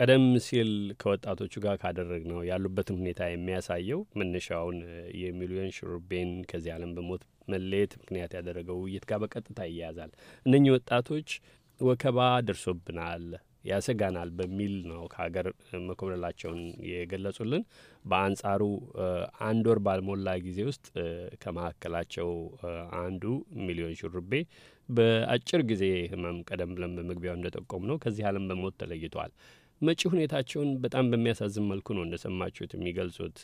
ቀደም ሲል ከወጣቶቹ ጋር ካደረግ ነው ያሉበትን ሁኔታ የሚያሳየው መነሻውን የሚሊዮን ሹሩቤን ከዚህ ዓለም በሞት መለየት ምክንያት ያደረገው ውይይት ጋር በቀጥታ ይያያዛል። እነኚህ ወጣቶች ወከባ ደርሶብናል፣ ያሰጋናል በሚል ነው ከሀገር መኮብለላቸውን የገለጹልን። በአንጻሩ አንድ ወር ባልሞላ ጊዜ ውስጥ ከመካከላቸው አንዱ ሚሊዮን ሹሩቤ በአጭር ጊዜ ህመም ቀደም ብለን በመግቢያው እንደጠቆሙ ነው ከዚህ ዓለም በሞት ተለይቷል። መጪ ሁኔታቸውን በጣም በሚያሳዝን መልኩ ነው እንደሰማችሁት የሚገልጹት።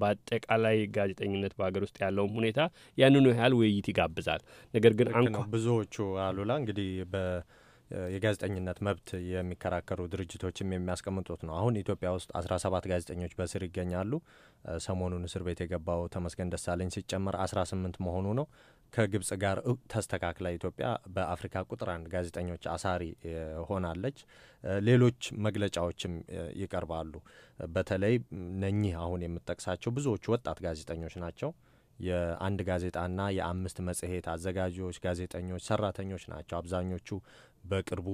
በአጠቃላይ ጋዜጠኝነት በሀገር ውስጥ ያለውም ሁኔታ ያንኑ ያህል ውይይት ይጋብዛል። ነገር ግን አንኳ ብዙዎቹ አሉላ እንግዲህ የጋዜጠኝነት መብት የሚከራከሩ ድርጅቶችም የሚያስቀምጡት ነው። አሁን ኢትዮጵያ ውስጥ አስራ ሰባት ጋዜጠኞች በእስር ይገኛሉ። ሰሞኑን እስር ቤት የገባው ተመስገን ደሳለኝ ሲጨመር አስራ ስምንት መሆኑ ነው። ከግብጽ ጋር ተስተካክላ ኢትዮጵያ በአፍሪካ ቁጥር አንድ ጋዜጠኞች አሳሪ ሆናለች። ሌሎች መግለጫዎችም ይቀርባሉ። በተለይ ነኚህ አሁን የምጠቅሳቸው ብዙዎቹ ወጣት ጋዜጠኞች ናቸው። የአንድ ጋዜጣና የአምስት መጽሔት አዘጋጆች፣ ጋዜጠኞች፣ ሰራተኞች ናቸው። አብዛኞቹ በቅርቡ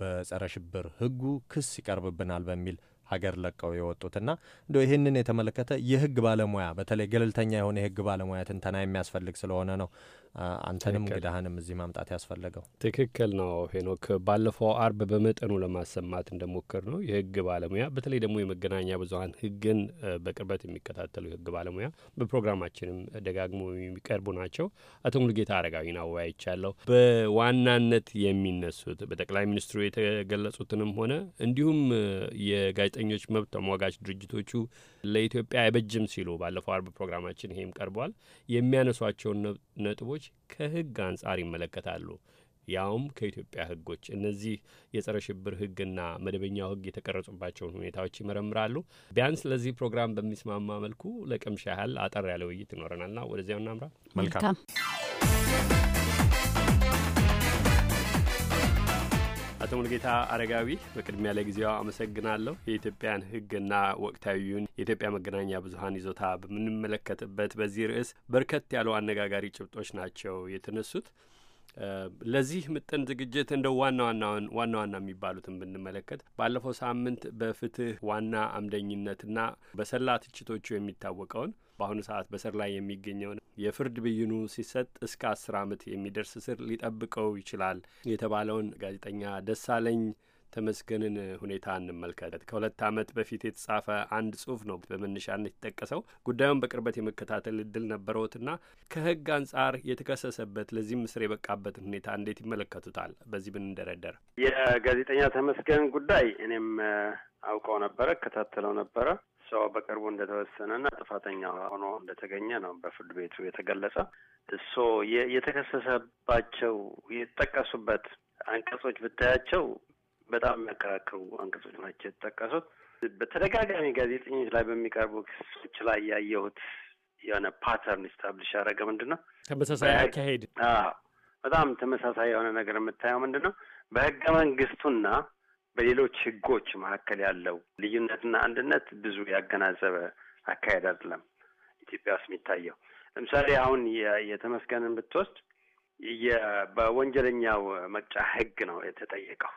በጸረ ሽብር ሕጉ ክስ ይቀርብብናል በሚል ሀገር ለቀው የወጡትና እንደ ይህንን የተመለከተ የህግ ባለሙያ በተለይ ገለልተኛ የሆነ የህግ ባለሙያ ትንተና የሚያስፈልግ ስለሆነ ነው አንተንም እንግዳህንም እዚህ ማምጣት ያስፈለገው ትክክል ነው ሄኖክ። ባለፈው አርብ በመጠኑ ለማሰማት እንደሞከር ነው የህግ ባለሙያ በተለይ ደግሞ የመገናኛ ብዙኃን ህግን በቅርበት የሚከታተሉ የህግ ባለሙያ በፕሮግራማችንም ደጋግሞ የሚቀርቡ ናቸው። አቶ ሙሉጌታ አረጋዊን አወያይቻለሁ። በዋናነት የሚነሱት በጠቅላይ ሚኒስትሩ የተገለጹትንም ሆነ እንዲሁም የጋዜጠኞች መብት ተሟጋች ድርጅቶቹ ለኢትዮጵያ አይበጅም ሲሉ ባለፈው አርብ ፕሮግራማችን ይሄም ቀርቧል የሚያነሷቸውን ነጥቦች ከህግ አንጻር ይመለከታሉ። ያውም ከኢትዮጵያ ህጎች እነዚህ የጸረ ሽብር ህግና መደበኛው ህግ የተቀረጹባቸውን ሁኔታዎች ይመረምራሉ። ቢያንስ ለዚህ ፕሮግራም በሚስማማ መልኩ ለቅምሻ ያህል አጠር ያለ ውይይት ይኖረናልና ወደዚያው እናምራ። መልካም አቶ ሙልጌታ አረጋዊ በቅድሚያ ለጊዜው አመሰግናለሁ። የኢትዮጵያን ሕግና ወቅታዊውን የኢትዮጵያ መገናኛ ብዙኃን ይዞታ በምንመለከትበት በዚህ ርዕስ በርከት ያሉ አነጋጋሪ ጭብጦች ናቸው የተነሱት። ለዚህ ምጥን ዝግጅት እንደ ዋና ዋናውን ዋና ዋና የሚባሉትን ብንመለከት ባለፈው ሳምንት በፍትህ ዋና አምደኝነትና በሰላ ትችቶቹ የሚታወቀውን በአሁኑ ሰዓት በስር ላይ የሚገኘውን የፍርድ ብይኑ ሲሰጥ እስከ አስር ዓመት የሚደርስ እስር ሊጠብቀው ይችላል የተባለውን ጋዜጠኛ ደሳለኝ ተመስገንን ሁኔታ እንመልከት። ከሁለት ዓመት በፊት የተጻፈ አንድ ጽሁፍ ነው በመነሻነት የተጠቀሰው። ጉዳዩን በቅርበት የመከታተል እድል ነበረውትና ከህግ አንጻር የተከሰሰበት ለዚህም ምስር የበቃበትን ሁኔታ እንዴት ይመለከቱታል? በዚህ ብንደረደር የጋዜጠኛ ተመስገን ጉዳይ እኔም አውቀው ነበረ፣ እከታተለው ነበረ። ሰው በቅርቡ እንደተወሰነና ጥፋተኛ ሆኖ እንደተገኘ ነው በፍርድ ቤቱ የተገለጸ። እሶ የተከሰሰባቸው የተጠቀሱበት አንቀጾች ብታያቸው በጣም የሚያከራክሩ አንቀጾች ናቸው የተጠቀሱት። በተደጋጋሚ ጋዜጠኞች ላይ በሚቀርቡ ክሶች ላይ ያየሁት የሆነ ፓተርን ስታብሊሽ ያደረገ ምንድን ነው ተመሳሳይ አካሄድ በጣም ተመሳሳይ የሆነ ነገር የምታየው ምንድን ነው በህገ መንግስቱና በሌሎች ህጎች መካከል ያለው ልዩነትና አንድነት ብዙ ያገናዘበ አካሄድ አይደለም ኢትዮጵያ ውስጥ የሚታየው። ለምሳሌ አሁን የተመስገንን ብትወስድ በወንጀለኛው መቅጫ ህግ ነው የተጠየቀው።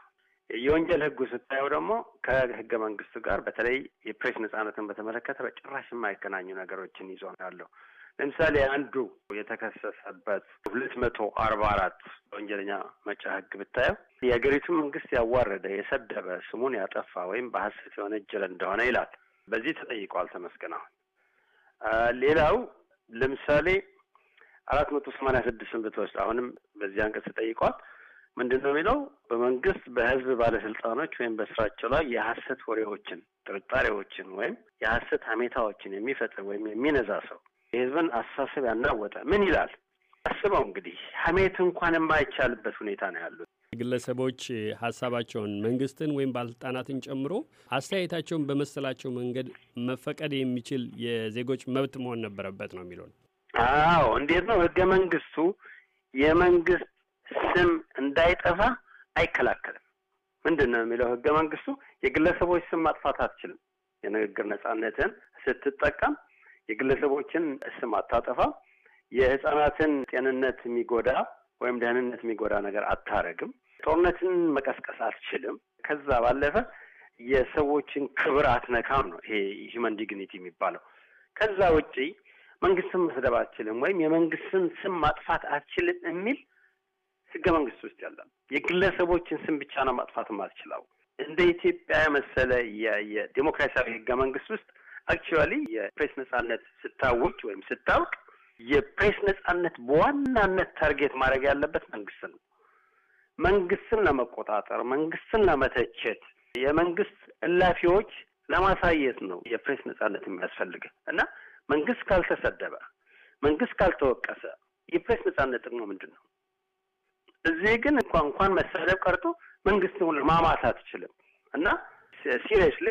የወንጀል ህጉ ስታየው ደግሞ ከህገ መንግስቱ ጋር በተለይ የፕሬስ ነጻነትን በተመለከተ በጭራሽ የማይገናኙ ነገሮችን ይዞ ነው ያለው። ለምሳሌ አንዱ የተከሰሰበት ሁለት መቶ አርባ አራት ወንጀለኛ መቅጫ ህግ ብታየው የሀገሪቱን መንግስት ያዋረደ፣ የሰደበ፣ ስሙን ያጠፋ ወይም በሀሰት የወነጀለ እንደሆነ ይላል። በዚህ ተጠይቋል ተመስገን። አሁን ሌላው ለምሳሌ አራት መቶ ሰማኒያ ስድስትን ብትወስድ አሁንም በዚህ አንቀጽ ተጠይቋል። ምንድን ነው የሚለው? በመንግስት በህዝብ ባለስልጣኖች ወይም በስራቸው ላይ የሀሰት ወሬዎችን፣ ጥርጣሬዎችን ወይም የሀሰት ሀሜታዎችን የሚፈጥር ወይም የሚነዛ ሰው የህዝብን አስተሳሰብ ያናወጠ ምን ይላል አስበው እንግዲህ ሀሜት እንኳን የማይቻልበት ሁኔታ ነው ያሉት። ግለሰቦች ሀሳባቸውን መንግስትን ወይም ባለስልጣናትን ጨምሮ አስተያየታቸውን በመሰላቸው መንገድ መፈቀድ የሚችል የዜጎች መብት መሆን ነበረበት ነው የሚለው። አዎ እንዴት ነው ህገ መንግስቱ የመንግስት ስም እንዳይጠፋ አይከላከልም። ምንድን ነው የሚለው ህገ መንግስቱ የግለሰቦች ስም ማጥፋት አትችልም። የንግግር ነጻነትን ስትጠቀም የግለሰቦችን ስም አታጠፋ፣ የህጻናትን ጤንነት የሚጎዳ ወይም ደህንነት የሚጎዳ ነገር አታረግም፣ ጦርነትን መቀስቀስ አትችልም። ከዛ ባለፈ የሰዎችን ክብር አትነካም ነው ይሄ ሂውመን ዲግኒቲ የሚባለው። ከዛ ውጪ መንግስትን መስደብ አትችልም ወይም የመንግስትን ስም ማጥፋት አትችልም የሚል ህገ መንግስት ውስጥ ያለ የግለሰቦችን ስም ብቻ ነው ማጥፋት ማትችለው። እንደ ኢትዮጵያ የመሰለ የዴሞክራሲያዊ ህገ መንግስት ውስጥ አክቹዋሊ የፕሬስ ነጻነት ስታውጅ ወይም ስታውቅ የፕሬስ ነጻነት በዋናነት ታርጌት ማድረግ ያለበት መንግስት ነው። መንግስትን ለመቆጣጠር፣ መንግስትን ለመተቸት፣ የመንግስት እላፊዎች ለማሳየት ነው የፕሬስ ነጻነት የሚያስፈልግ እና መንግስት ካልተሰደበ፣ መንግስት ካልተወቀሰ የፕሬስ ነጻነት ጥቅሞ ምንድን ነው? እዚህ ግን እንኳ እንኳን መሰደብ ቀርቶ መንግስትን ማማት አትችልም እና ሲሪየስሊ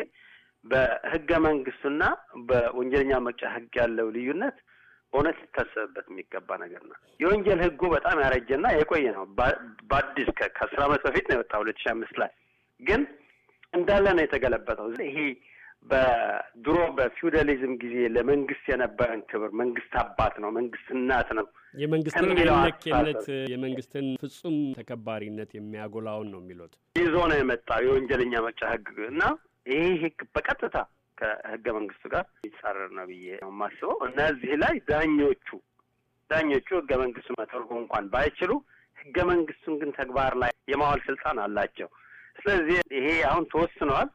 በህገ መንግስቱና በወንጀለኛ መቅጫ ህግ ያለው ልዩነት እውነት ሊታሰብበት የሚገባ ነገር ነው። የወንጀል ህጉ በጣም ያረጀና የቆየ ነው። በአዲስ ከአስር አመት በፊት ነው የወጣ ሁለት ሺ አምስት ላይ ግን እንዳለ ነው የተገለበጠው። ይሄ በድሮ በፊውዳሊዝም ጊዜ ለመንግስት የነበረን ክብር መንግስት አባት ነው፣ መንግስት እናት ነው፣ የመንግስትነት የመንግስትን ፍጹም ተከባሪነት የሚያጎላውን ነው የሚሉት ይዞ ነው የመጣው የወንጀለኛ መቅጫ ህግ እና ይሄ ህግ በቀጥታ ከህገ መንግስቱ ጋር ይጻረር ነው ብዬ ነው የማስበው። እነዚህ ላይ ዳኞቹ ዳኞቹ ህገ መንግስቱ መተርጎም እንኳን ባይችሉ ህገ መንግስቱን ግን ተግባር ላይ የማዋል ስልጣን አላቸው። ስለዚህ ይሄ አሁን ተወስነዋል፣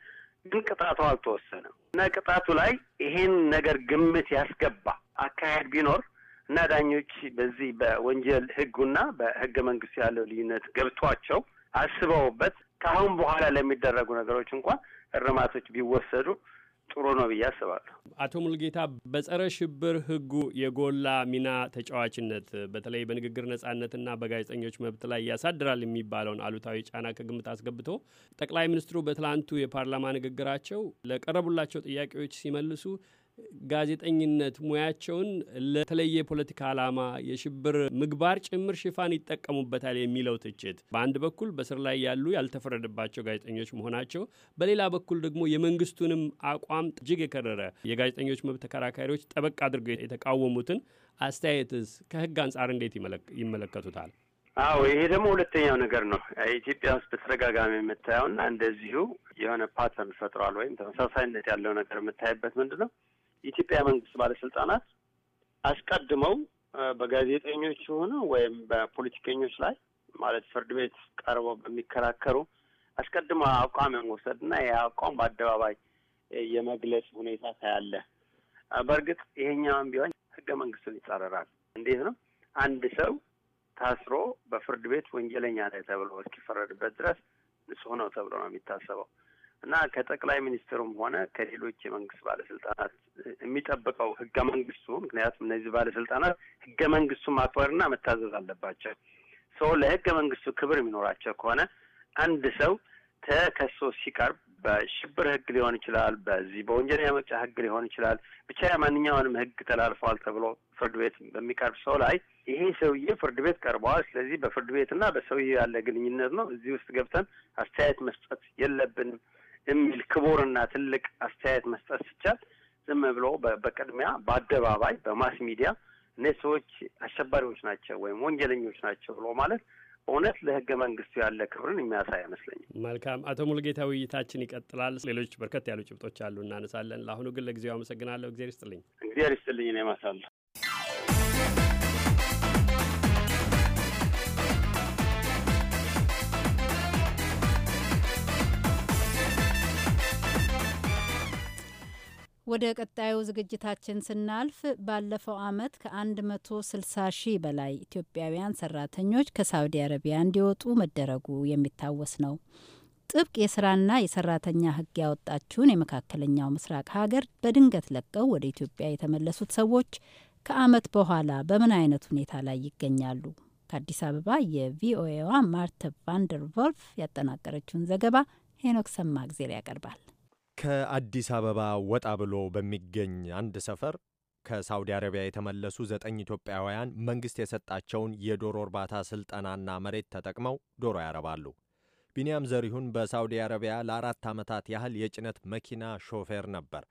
ግን ቅጣቱ አልተወሰነም እና ቅጣቱ ላይ ይሄን ነገር ግምት ያስገባ አካሄድ ቢኖር እና ዳኞች በዚህ በወንጀል ህጉና በህገ መንግስቱ ያለው ልዩነት ገብቷቸው አስበውበት ከአሁን በኋላ ለሚደረጉ ነገሮች እንኳን እርማቶች ቢወሰዱ ጥሩ ነው ብዬ አስባለሁ። አቶ ሙልጌታ በጸረ ሽብር ህጉ የጎላ ሚና ተጫዋችነት በተለይ በንግግር ነጻነትና በጋዜጠኞች መብት ላይ ያሳድራል የሚባለውን አሉታዊ ጫና ከግምት አስገብቶ ጠቅላይ ሚኒስትሩ በትላንቱ የፓርላማ ንግግራቸው ለቀረቡላቸው ጥያቄዎች ሲመልሱ ጋዜጠኝነት ሙያቸውን ለተለየ የፖለቲካ ዓላማ የሽብር ምግባር ጭምር ሽፋን ይጠቀሙበታል የሚለው ትችት በአንድ በኩል በስር ላይ ያሉ ያልተፈረደባቸው ጋዜጠኞች መሆናቸው፣ በሌላ በኩል ደግሞ የመንግስቱንም አቋም እጅግ የከረረ የጋዜጠኞች መብት ተከራካሪዎች ጠበቅ አድርገው የተቃወሙትን አስተያየትስ ከህግ አንጻር እንዴት ይመለከቱታል? አዎ ይሄ ደግሞ ሁለተኛው ነገር ነው። ኢትዮጵያ ውስጥ በተደጋጋሚ የምታየውና እንደዚሁ የሆነ ፓተርን ፈጥሯል ወይም ተመሳሳይነት ያለው ነገር የምታይበት ምንድን ነው? የኢትዮጵያ መንግስት ባለስልጣናት አስቀድመው በጋዜጠኞች ሆነ ወይም በፖለቲከኞች ላይ ማለት ፍርድ ቤት ቀርበው በሚከራከሩ አስቀድመው አቋም የመውሰድ እና ይህ አቋም በአደባባይ የመግለጽ ሁኔታ ታያለ። በእርግጥ ይሄኛውን ቢሆን ህገ መንግስቱን ይጻረራል። እንዴት ነው አንድ ሰው ታስሮ በፍርድ ቤት ወንጀለኛ ላይ ተብሎ እስኪፈረድበት ድረስ ንጹህ ነው ተብሎ ነው የሚታሰበው። እና ከጠቅላይ ሚኒስትሩም ሆነ ከሌሎች የመንግስት ባለስልጣናት የሚጠብቀው ህገ መንግስቱ ምክንያቱም እነዚህ ባለስልጣናት ህገ መንግስቱ ማክበርና መታዘዝ አለባቸው። ሰው ለህገ መንግስቱ ክብር የሚኖራቸው ከሆነ አንድ ሰው ተከሶ ሲቀርብ በሽብር ህግ ሊሆን ይችላል፣ በዚህ በወንጀል መቅጫ ህግ ሊሆን ይችላል። ብቻ የማንኛውንም ህግ ተላልፈዋል ተብሎ ፍርድ ቤት በሚቀርብ ሰው ላይ ይሄ ሰውዬ ፍርድ ቤት ቀርበዋል፣ ስለዚህ በፍርድ ቤትና በሰውዬ ያለ ግንኙነት ነው፣ እዚህ ውስጥ ገብተን አስተያየት መስጠት የለብንም የሚል ክቡርና ትልቅ አስተያየት መስጠት ሲቻል ዝም ብሎ በቅድሚያ በአደባባይ በማስ ሚዲያ እነዚህ ሰዎች አሸባሪዎች ናቸው ወይም ወንጀለኞች ናቸው ብሎ ማለት እውነት ለህገ መንግስቱ ያለ ክብርን የሚያሳይ አይመስለኝም። መልካም አቶ ሙልጌታ ውይይታችን ይቀጥላል። ሌሎች በርከት ያሉ ጭብጦች አሉ እናነሳለን። ለአሁኑ ግን ለጊዜው አመሰግናለሁ። እግዜር ይስጥልኝ። እግዜር ይስጥልኝ። እኔ ማሳለሁ ወደ ቀጣዩ ዝግጅታችን ስናልፍ ባለፈው ዓመት ከ160 ሺህ በላይ ኢትዮጵያውያን ሰራተኞች ከሳውዲ አረቢያ እንዲወጡ መደረጉ የሚታወስ ነው። ጥብቅ የስራና የሰራተኛ ሕግ ያወጣችውን የመካከለኛው ምስራቅ ሀገር በድንገት ለቀው ወደ ኢትዮጵያ የተመለሱት ሰዎች ከዓመት በኋላ በምን አይነት ሁኔታ ላይ ይገኛሉ? ከአዲስ አበባ የቪኦኤዋ ማርተ ቫንደር ቮልፍ ያጠናቀረችውን ዘገባ ሄኖክ ሰማእግዜር ያቀርባል። ከአዲስ አበባ ወጣ ብሎ በሚገኝ አንድ ሰፈር ከሳውዲ አረቢያ የተመለሱ ዘጠኝ ኢትዮጵያውያን መንግሥት የሰጣቸውን የዶሮ እርባታ ሥልጠናና መሬት ተጠቅመው ዶሮ ያረባሉ። ቢንያም ዘሪሁን በሳውዲ አረቢያ ለአራት ዓመታት ያህል የጭነት መኪና ሾፌር ነበር።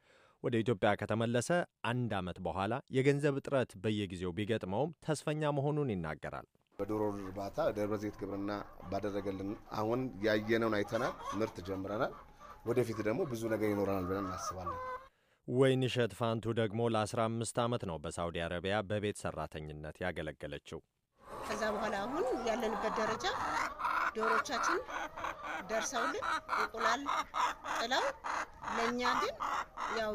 ወደ ኢትዮጵያ ከተመለሰ አንድ ዓመት በኋላ የገንዘብ እጥረት በየጊዜው ቢገጥመውም ተስፈኛ መሆኑን ይናገራል። በዶሮ እርባታ ደብረ ዘይት ግብርና ባደረገልን አሁን ያየነውን አይተናል። ምርት ጀምረናል። ወደፊት ደግሞ ብዙ ነገር ይኖረናል ብለን እናስባለን። ወይንሸት ፋንቱ ደግሞ ለ15 ዓመት ነው በሳውዲ አረቢያ በቤት ሰራተኝነት ያገለገለችው። ከዛ በኋላ አሁን ያለንበት ደረጃ ዶሮቻችን ደርሰውልን እንቁላል ጥለው ለእኛ ግን ያው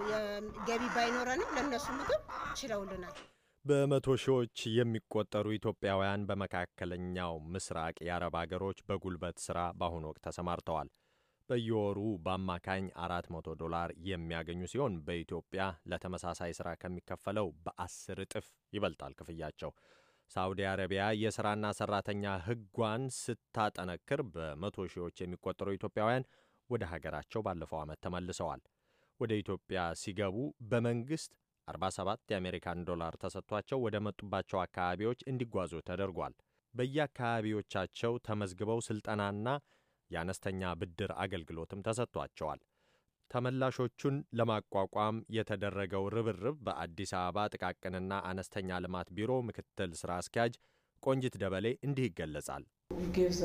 ገቢ ባይኖረንም ለእነሱ ምግብ ችለውልናል። በመቶ ሺዎች የሚቆጠሩ ኢትዮጵያውያን በመካከለኛው ምስራቅ የአረብ አገሮች በጉልበት ስራ በአሁኑ ወቅት ተሰማርተዋል። በየወሩ በአማካኝ 400 ዶላር የሚያገኙ ሲሆን በኢትዮጵያ ለተመሳሳይ ሥራ ከሚከፈለው በአስር እጥፍ ይበልጣል ክፍያቸው። ሳውዲ አረቢያ የሥራና ሠራተኛ ሕጓን ስታጠነክር በመቶ ሺዎች የሚቆጠሩ ኢትዮጵያውያን ወደ ሀገራቸው ባለፈው ዓመት ተመልሰዋል። ወደ ኢትዮጵያ ሲገቡ በመንግሥት 47 የአሜሪካን ዶላር ተሰጥቷቸው ወደ መጡባቸው አካባቢዎች እንዲጓዙ ተደርጓል። በየአካባቢዎቻቸው ተመዝግበው ሥልጠናና የአነስተኛ ብድር አገልግሎትም ተሰጥቷቸዋል። ተመላሾቹን ለማቋቋም የተደረገው ርብርብ በአዲስ አበባ ጥቃቅንና አነስተኛ ልማት ቢሮ ምክትል ስራ አስኪያጅ ቆንጂት ደበሌ እንዲህ ይገለጻል። uh,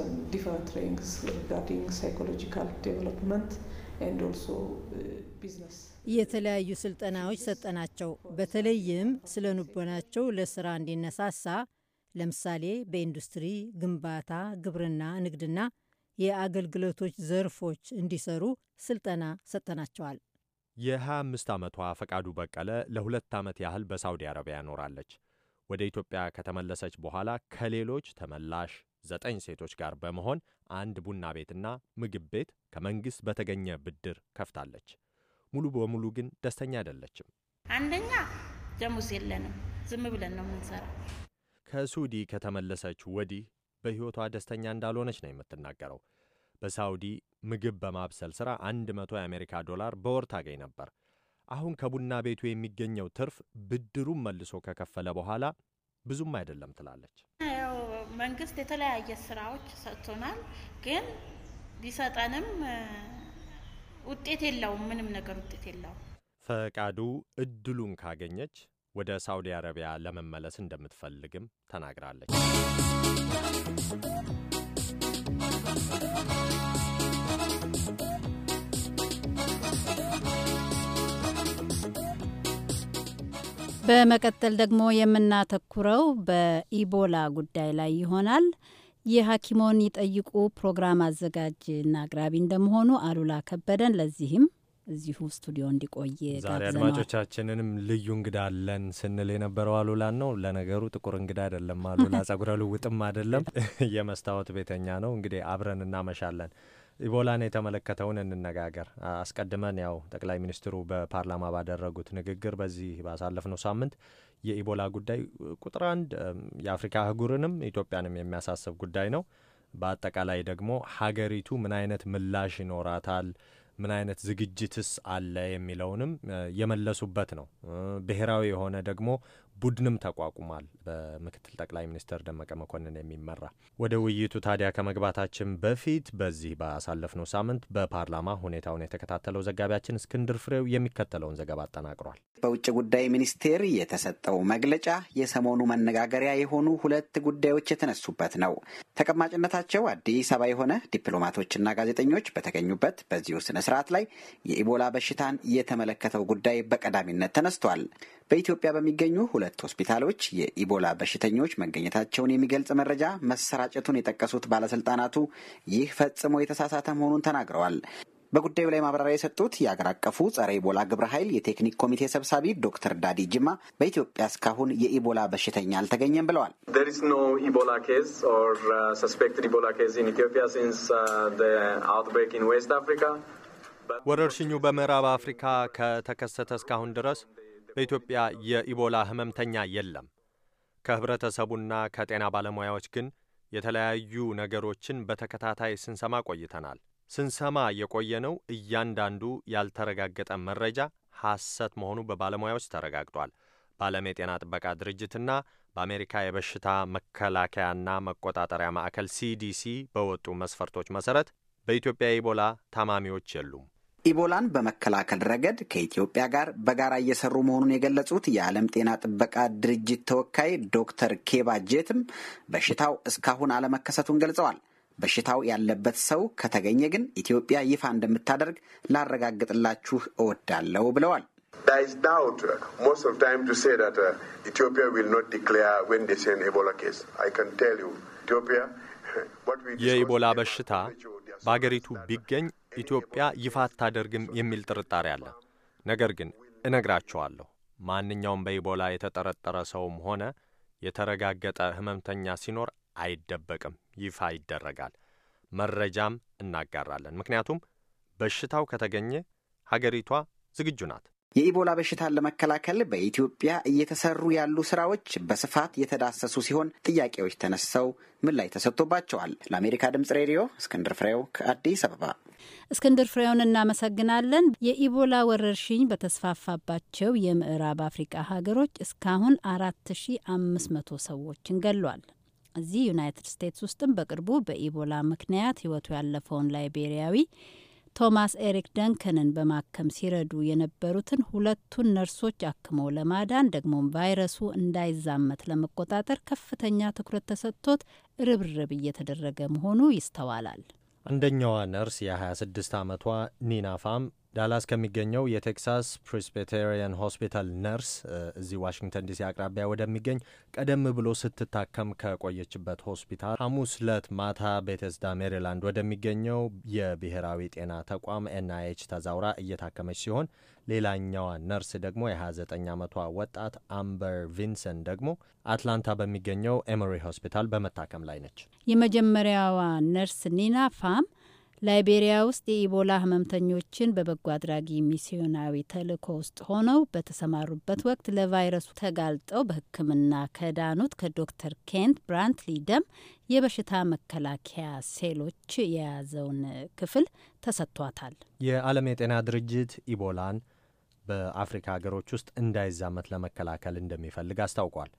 የተለያዩ ስልጠናዎች ሰጠናቸው። በተለይም ስለ ንቦናቸው ለስራ እንዲነሳሳ ለምሳሌ በኢንዱስትሪ ግንባታ፣ ግብርና፣ ንግድና የአገልግሎቶች ዘርፎች እንዲሰሩ ስልጠና ሰጥተናቸዋል። የ25 ዓመቷ ፈቃዱ በቀለ ለሁለት ዓመት ያህል በሳውዲ አረቢያ ኖራለች። ወደ ኢትዮጵያ ከተመለሰች በኋላ ከሌሎች ተመላሽ ዘጠኝ ሴቶች ጋር በመሆን አንድ ቡና ቤትና ምግብ ቤት ከመንግሥት በተገኘ ብድር ከፍታለች። ሙሉ በሙሉ ግን ደስተኛ አይደለችም። አንደኛ ደሞዝ የለንም፣ ዝም ብለን ነው የምንሰራ። ከሱዲ ከተመለሰች ወዲህ በሕይወቷ ደስተኛ እንዳልሆነች ነው የምትናገረው። በሳውዲ ምግብ በማብሰል ሥራ 100 የአሜሪካ ዶላር በወር ታገኝ ነበር። አሁን ከቡና ቤቱ የሚገኘው ትርፍ ብድሩን መልሶ ከከፈለ በኋላ ብዙም አይደለም ትላለች። ያው መንግስት የተለያየ ስራዎች ሰጥቶናል፣ ግን ቢሰጠንም ውጤት የለውም። ምንም ነገር ውጤት የለውም። ፈቃዱ እድሉን ካገኘች ወደ ሳውዲ አረቢያ ለመመለስ እንደምትፈልግም ተናግራለች። በመቀጠል ደግሞ የምናተኩረው በኢቦላ ጉዳይ ላይ ይሆናል። የሐኪሞን ይጠይቁ ፕሮግራም አዘጋጅና አቅራቢ እንደመሆኑ አሉላ ከበደን ለዚህም እዚሁ ስቱዲዮ እንዲቆይ ዛሬ አድማጮቻችንንም ልዩ እንግዳ አለን ስንል የነበረው አሉላን ነው። ለነገሩ ጥቁር እንግዳ አይደለም አሉላ፣ ጸጉረ ልውጥም አይደለም፣ የመስታወት ቤተኛ ነው። እንግዲህ አብረን እናመሻለን። ኢቦላን የተመለከተውን እንነጋገር። አስቀድመን ያው ጠቅላይ ሚኒስትሩ በፓርላማ ባደረጉት ንግግር በዚህ ባሳለፍነው ሳምንት የኢቦላ ጉዳይ ቁጥር አንድ የአፍሪካ አህጉርንም ኢትዮጵያንም የሚያሳስብ ጉዳይ ነው። በአጠቃላይ ደግሞ ሀገሪቱ ምን አይነት ምላሽ ይኖራታል ምን አይነት ዝግጅትስ አለ የሚለውንም የመለሱበት ነው። ብሔራዊ የሆነ ደግሞ ቡድንም ተቋቁሟል በምክትል ጠቅላይ ሚኒስትር ደመቀ መኮንን የሚመራ። ወደ ውይይቱ ታዲያ ከመግባታችን በፊት በዚህ ባሳለፍነው ሳምንት በፓርላማ ሁኔታውን የተከታተለው ዘጋቢያችን እስክንድር ፍሬው የሚከተለውን ዘገባ አጠናቅሯል። በውጭ ጉዳይ ሚኒስቴር የተሰጠው መግለጫ የሰሞኑ መነጋገሪያ የሆኑ ሁለት ጉዳዮች የተነሱበት ነው። ተቀማጭነታቸው አዲስ አበባ የሆነ ዲፕሎማቶችና ጋዜጠኞች በተገኙበት በዚሁ ስነ ስርዓት ላይ የኢቦላ በሽታን የተመለከተው ጉዳይ በቀዳሚነት ተነስቷል። በኢትዮጵያ በሚገኙ ሁለት ሆስፒታሎች የኢቦላ በሽተኞች መገኘታቸውን የሚገልጽ መረጃ መሰራጨቱን የጠቀሱት ባለስልጣናቱ ይህ ፈጽሞ የተሳሳተ መሆኑን ተናግረዋል። በጉዳዩ ላይ ማብራሪያ የሰጡት የአገር አቀፉ ጸረ ኢቦላ ግብረ ኃይል የቴክኒክ ኮሚቴ ሰብሳቢ ዶክተር ዳዲ ጅማ በኢትዮጵያ እስካሁን የኢቦላ በሽተኛ አልተገኘም ብለዋል። uh, uh, ወረርሽኙ በምዕራብ አፍሪካ ከተከሰተ እስካሁን ድረስ በኢትዮጵያ የኢቦላ ህመምተኛ የለም። ከህብረተሰቡና ከጤና ባለሙያዎች ግን የተለያዩ ነገሮችን በተከታታይ ስንሰማ ቆይተናል። ስንሰማ የቆየነው እያንዳንዱ ያልተረጋገጠ መረጃ ሐሰት መሆኑ በባለሙያዎች ተረጋግጧል። በዓለም የጤና ጥበቃ ድርጅትና በአሜሪካ የበሽታ መከላከያና መቆጣጠሪያ ማዕከል ሲዲሲ በወጡ መስፈርቶች መሰረት በኢትዮጵያ የኢቦላ ታማሚዎች የሉም። ኢቦላን በመከላከል ረገድ ከኢትዮጵያ ጋር በጋራ እየሰሩ መሆኑን የገለጹት የዓለም ጤና ጥበቃ ድርጅት ተወካይ ዶክተር ኬባ ጄትም በሽታው እስካሁን አለመከሰቱን ገልጸዋል። በሽታው ያለበት ሰው ከተገኘ ግን ኢትዮጵያ ይፋ እንደምታደርግ ላረጋግጥላችሁ እወዳለሁ ብለዋል። uh, የኢቦላ በሽታ በአገሪቱ ቢገኝ ኢትዮጵያ ይፋ አታደርግም የሚል ጥርጣሬ አለ። ነገር ግን እነግራቸዋለሁ ማንኛውም በኢቦላ የተጠረጠረ ሰውም ሆነ የተረጋገጠ ህመምተኛ ሲኖር አይደበቅም፣ ይፋ ይደረጋል። መረጃም እናጋራለን። ምክንያቱም በሽታው ከተገኘ ሀገሪቷ ዝግጁ ናት። የኢቦላ በሽታን ለመከላከል በኢትዮጵያ እየተሰሩ ያሉ ስራዎች በስፋት የተዳሰሱ ሲሆን ጥያቄዎች ተነስሰው ምን ላይ ተሰጥቶባቸዋል። ለአሜሪካ ድምጽ ሬዲዮ እስክንድር ፍሬው ከአዲስ አበባ። እስክንድር ፍሬውን እናመሰግናለን። የኢቦላ ወረርሽኝ በተስፋፋባቸው የምዕራብ አፍሪቃ ሀገሮች እስካሁን አራት ሺ አምስት መቶ ሰዎችን ገሏል። እዚህ ዩናይትድ ስቴትስ ውስጥም በቅርቡ በኢቦላ ምክንያት ህይወቱ ያለፈውን ላይቤሪያዊ ቶማስ ኤሪክ ደንከንን በማከም ሲረዱ የነበሩትን ሁለቱን ነርሶች አክሞ ለማዳን ደግሞም ቫይረሱ እንዳይዛመት ለመቆጣጠር ከፍተኛ ትኩረት ተሰጥቶት ርብርብ እየተደረገ መሆኑ ይስተዋላል። አንደኛዋ ነርስ የ26 ዓመቷ ኒናፋም ዳላስ ከሚገኘው የቴክሳስ ፕሬስቤቴሪያን ሆስፒታል ነርስ እዚህ ዋሽንግተን ዲሲ አቅራቢያ ወደሚገኝ ቀደም ብሎ ስትታከም ከቆየችበት ሆስፒታል ሐሙስ ዕለት ማታ ቤተስዳ ሜሪላንድ ወደሚገኘው የብሔራዊ ጤና ተቋም ኤንአይኤች ተዛውራ እየታከመች ሲሆን ሌላኛዋ ነርስ ደግሞ የ29 ዓመቷ ወጣት አምበር ቪንሰን ደግሞ አትላንታ በሚገኘው ኤመሪ ሆስፒታል በመታከም ላይ ነች። የመጀመሪያዋ ነርስ ኒና ፋም ላይቤሪያ ውስጥ የኢቦላ ህመምተኞችን በበጎ አድራጊ ሚስዮናዊ ተልእኮ ውስጥ ሆነው በተሰማሩበት ወቅት ለቫይረሱ ተጋልጠው በሕክምና ከዳኑት ከዶክተር ኬንት ብራንትሊ ደም የበሽታ መከላከያ ሴሎች የያዘውን ክፍል ተሰጥቷታል። የዓለም የጤና ድርጅት ኢቦላን በአፍሪካ ሀገሮች ውስጥ እንዳይዛመት ለመከላከል እንደሚፈልግ አስታውቋል።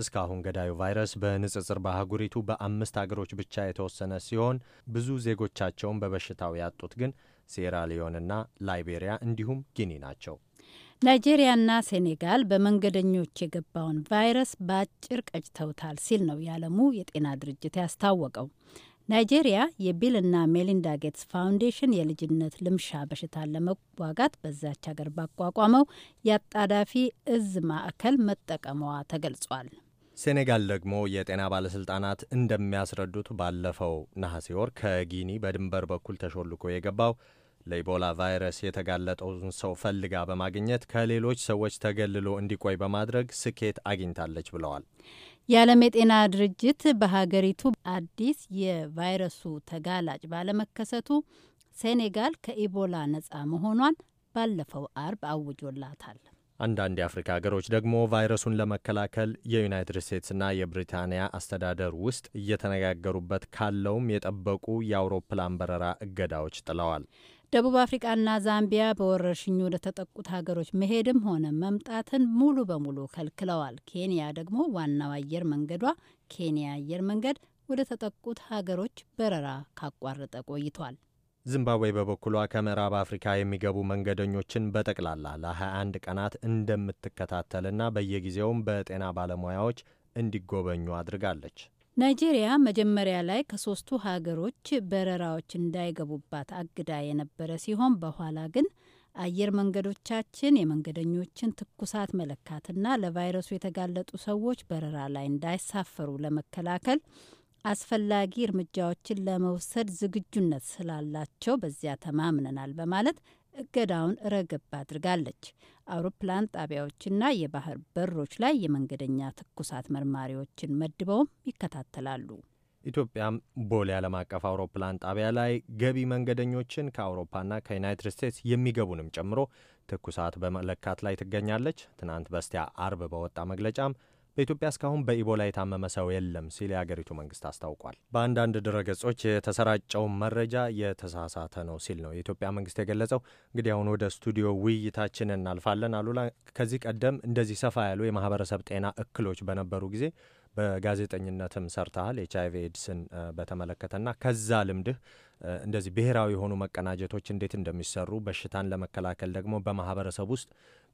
እስካሁን ገዳዩ ቫይረስ በንጽጽር በአህጉሪቱ በአምስት አገሮች ብቻ የተወሰነ ሲሆን ብዙ ዜጎቻቸውን በበሽታው ያጡት ግን ሴራሊዮንና ላይቤሪያ እንዲሁም ጊኒ ናቸው። ናይጄሪያና ሴኔጋል በመንገደኞች የገባውን ቫይረስ በአጭር ቀጭተውታል ሲል ነው የዓለሙ የጤና ድርጅት ያስታወቀው። ናይጄሪያ የቢልና ሜሊንዳ ጌትስ ፋውንዴሽን የልጅነት ልምሻ በሽታን ለመዋጋት በዛች ሀገር ባቋቋመው የአጣዳፊ እዝ ማዕከል መጠቀሟ ተገልጿል። ሴኔጋል ደግሞ የጤና ባለሥልጣናት እንደሚያስረዱት ባለፈው ነሐሴ ወር ከጊኒ በድንበር በኩል ተሾልኮ የገባው ለኢቦላ ቫይረስ የተጋለጠውን ሰው ፈልጋ በማግኘት ከሌሎች ሰዎች ተገልሎ እንዲቆይ በማድረግ ስኬት አግኝታለች ብለዋል። የዓለም የጤና ድርጅት በሀገሪቱ አዲስ የቫይረሱ ተጋላጭ ባለመከሰቱ ሴኔጋል ከኢቦላ ነጻ መሆኗን ባለፈው አርብ አውጆላታል። አንዳንድ የአፍሪካ ሀገሮች ደግሞ ቫይረሱን ለመከላከል የዩናይትድ ስቴትስና የብሪታንያ አስተዳደር ውስጥ እየተነጋገሩበት ካለውም የጠበቁ የአውሮፕላን በረራ እገዳዎች ጥለዋል። ደቡብ አፍሪቃና ዛምቢያ በወረርሽኙ ወደ ተጠቁት ሀገሮች መሄድም ሆነ መምጣትን ሙሉ በሙሉ ከልክለዋል። ኬንያ ደግሞ ዋናው አየር መንገዷ ኬንያ አየር መንገድ ወደ ተጠቁት ሀገሮች በረራ ካቋረጠ ቆይቷል። ዚምባብዌ በበኩሏ ከምዕራብ አፍሪካ የሚገቡ መንገደኞችን በጠቅላላ ለ21 ቀናት እንደምትከታተልና በየጊዜውም በጤና ባለሙያዎች እንዲጎበኙ አድርጋለች። ናይጄሪያ መጀመሪያ ላይ ከሶስቱ ሀገሮች በረራዎች እንዳይገቡባት አግዳ የነበረ ሲሆን በኋላ ግን አየር መንገዶቻችን የመንገደኞችን ትኩሳት መለካትና ለቫይረሱ የተጋለጡ ሰዎች በረራ ላይ እንዳይሳፈሩ ለመከላከል አስፈላጊ እርምጃዎችን ለመውሰድ ዝግጁነት ስላላቸው በዚያ ተማምነናል በማለት እገዳውን ረገብ አድርጋለች። አውሮፕላን ጣቢያዎችና የባህር በሮች ላይ የመንገደኛ ትኩሳት መርማሪዎችን መድበውም ይከታተላሉ። ኢትዮጵያም ቦሌ ዓለም አቀፍ አውሮፕላን ጣቢያ ላይ ገቢ መንገደኞችን ከአውሮፓና ከዩናይትድ ስቴትስ የሚገቡንም ጨምሮ ትኩሳት በመለካት ላይ ትገኛለች። ትናንት በስቲያ አርብ በወጣ መግለጫም በኢትዮጵያ እስካሁን በኢቦላ የታመመ ሰው የለም ሲል የአገሪቱ መንግስት አስታውቋል። በአንዳንድ ድረገጾች የተሰራጨው መረጃ የተሳሳተ ነው ሲል ነው የኢትዮጵያ መንግስት የገለጸው። እንግዲህ አሁን ወደ ስቱዲዮ ውይይታችን እናልፋለን። አሉላ፣ ከዚህ ቀደም እንደዚህ ሰፋ ያሉ የማህበረሰብ ጤና እክሎች በነበሩ ጊዜ በጋዜጠኝነትም ሰርተሃል። ኤች አይቪ ኤድስን በተመለከተና ከዛ ልምድህ እንደዚህ ብሔራዊ የሆኑ መቀናጀቶች እንዴት እንደሚሰሩ በሽታን ለመከላከል ደግሞ በማህበረሰብ ውስጥ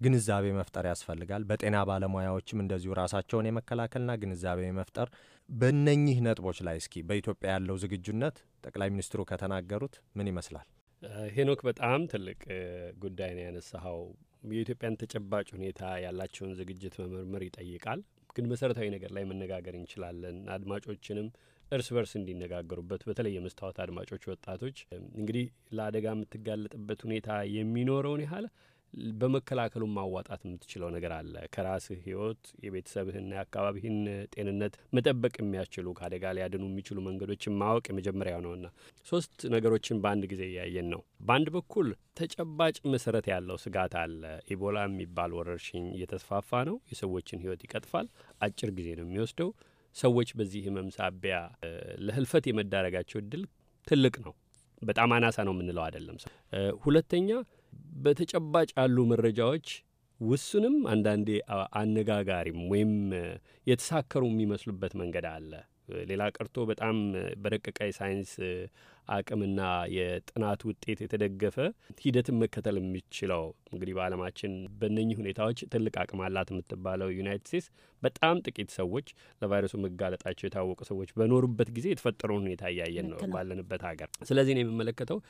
ግንዛቤ መፍጠር ያስፈልጋል። በጤና ባለሙያዎችም እንደዚሁ ራሳቸውን የመከላከልና ግንዛቤ መፍጠር። በእነኚህ ነጥቦች ላይ እስኪ በኢትዮጵያ ያለው ዝግጁነት ጠቅላይ ሚኒስትሩ ከተናገሩት ምን ይመስላል? ሄኖክ፣ በጣም ትልቅ ጉዳይ ነው ያነሳኸው። የኢትዮጵያን ተጨባጭ ሁኔታ ያላቸውን ዝግጅት መመርመር ይጠይቃል። ግን መሰረታዊ ነገር ላይ መነጋገር እንችላለን። አድማጮችንም እርስ በርስ እንዲነጋገሩበት በተለይ የመስታወት አድማጮች ወጣቶች እንግዲህ ለአደጋ የምትጋለጥበት ሁኔታ የሚኖረውን ያህል በመከላከሉ ማዋጣት የምትችለው ነገር አለ። ከራስህ ህይወት የቤተሰብህና የአካባቢህን ጤንነት መጠበቅ የሚያስችሉ ከአደጋ ሊያድኑ የሚችሉ መንገዶችን ማወቅ የመጀመሪያው ነውና ሶስት ነገሮችን በአንድ ጊዜ እያየን ነው። በአንድ በኩል ተጨባጭ መሰረት ያለው ስጋት አለ። ኢቦላ የሚባል ወረርሽኝ እየተስፋፋ ነው። የሰዎችን ህይወት ይቀጥፋል። አጭር ጊዜ ነው የሚወስደው። ሰዎች በዚህ ህመም ሳቢያ ለህልፈት የመዳረጋቸው እድል ትልቅ ነው። በጣም አናሳ ነው የምንለው አይደለም። ሁለተኛ በተጨባጭ ያሉ መረጃዎች ውሱንም አንዳንዴ አነጋጋሪም ወይም የተሳከሩ የሚመስሉበት መንገድ አለ። ሌላ ቀርቶ በጣም በረቀቀ የሳይንስ አቅምና የጥናት ውጤት የተደገፈ ሂደትን መከተል የሚችለው እንግዲህ በዓለማችን በነኚህ ሁኔታዎች ትልቅ አቅም አላት የምትባለው ዩናይትድ ስቴትስ በጣም ጥቂት ሰዎች ለቫይረሱ መጋለጣቸው የታወቁ ሰዎች በኖሩበት ጊዜ የተፈጠረውን ሁኔታ እያየን ነው ባለንበት ሀገር። ስለዚህ ነው የምመለከተው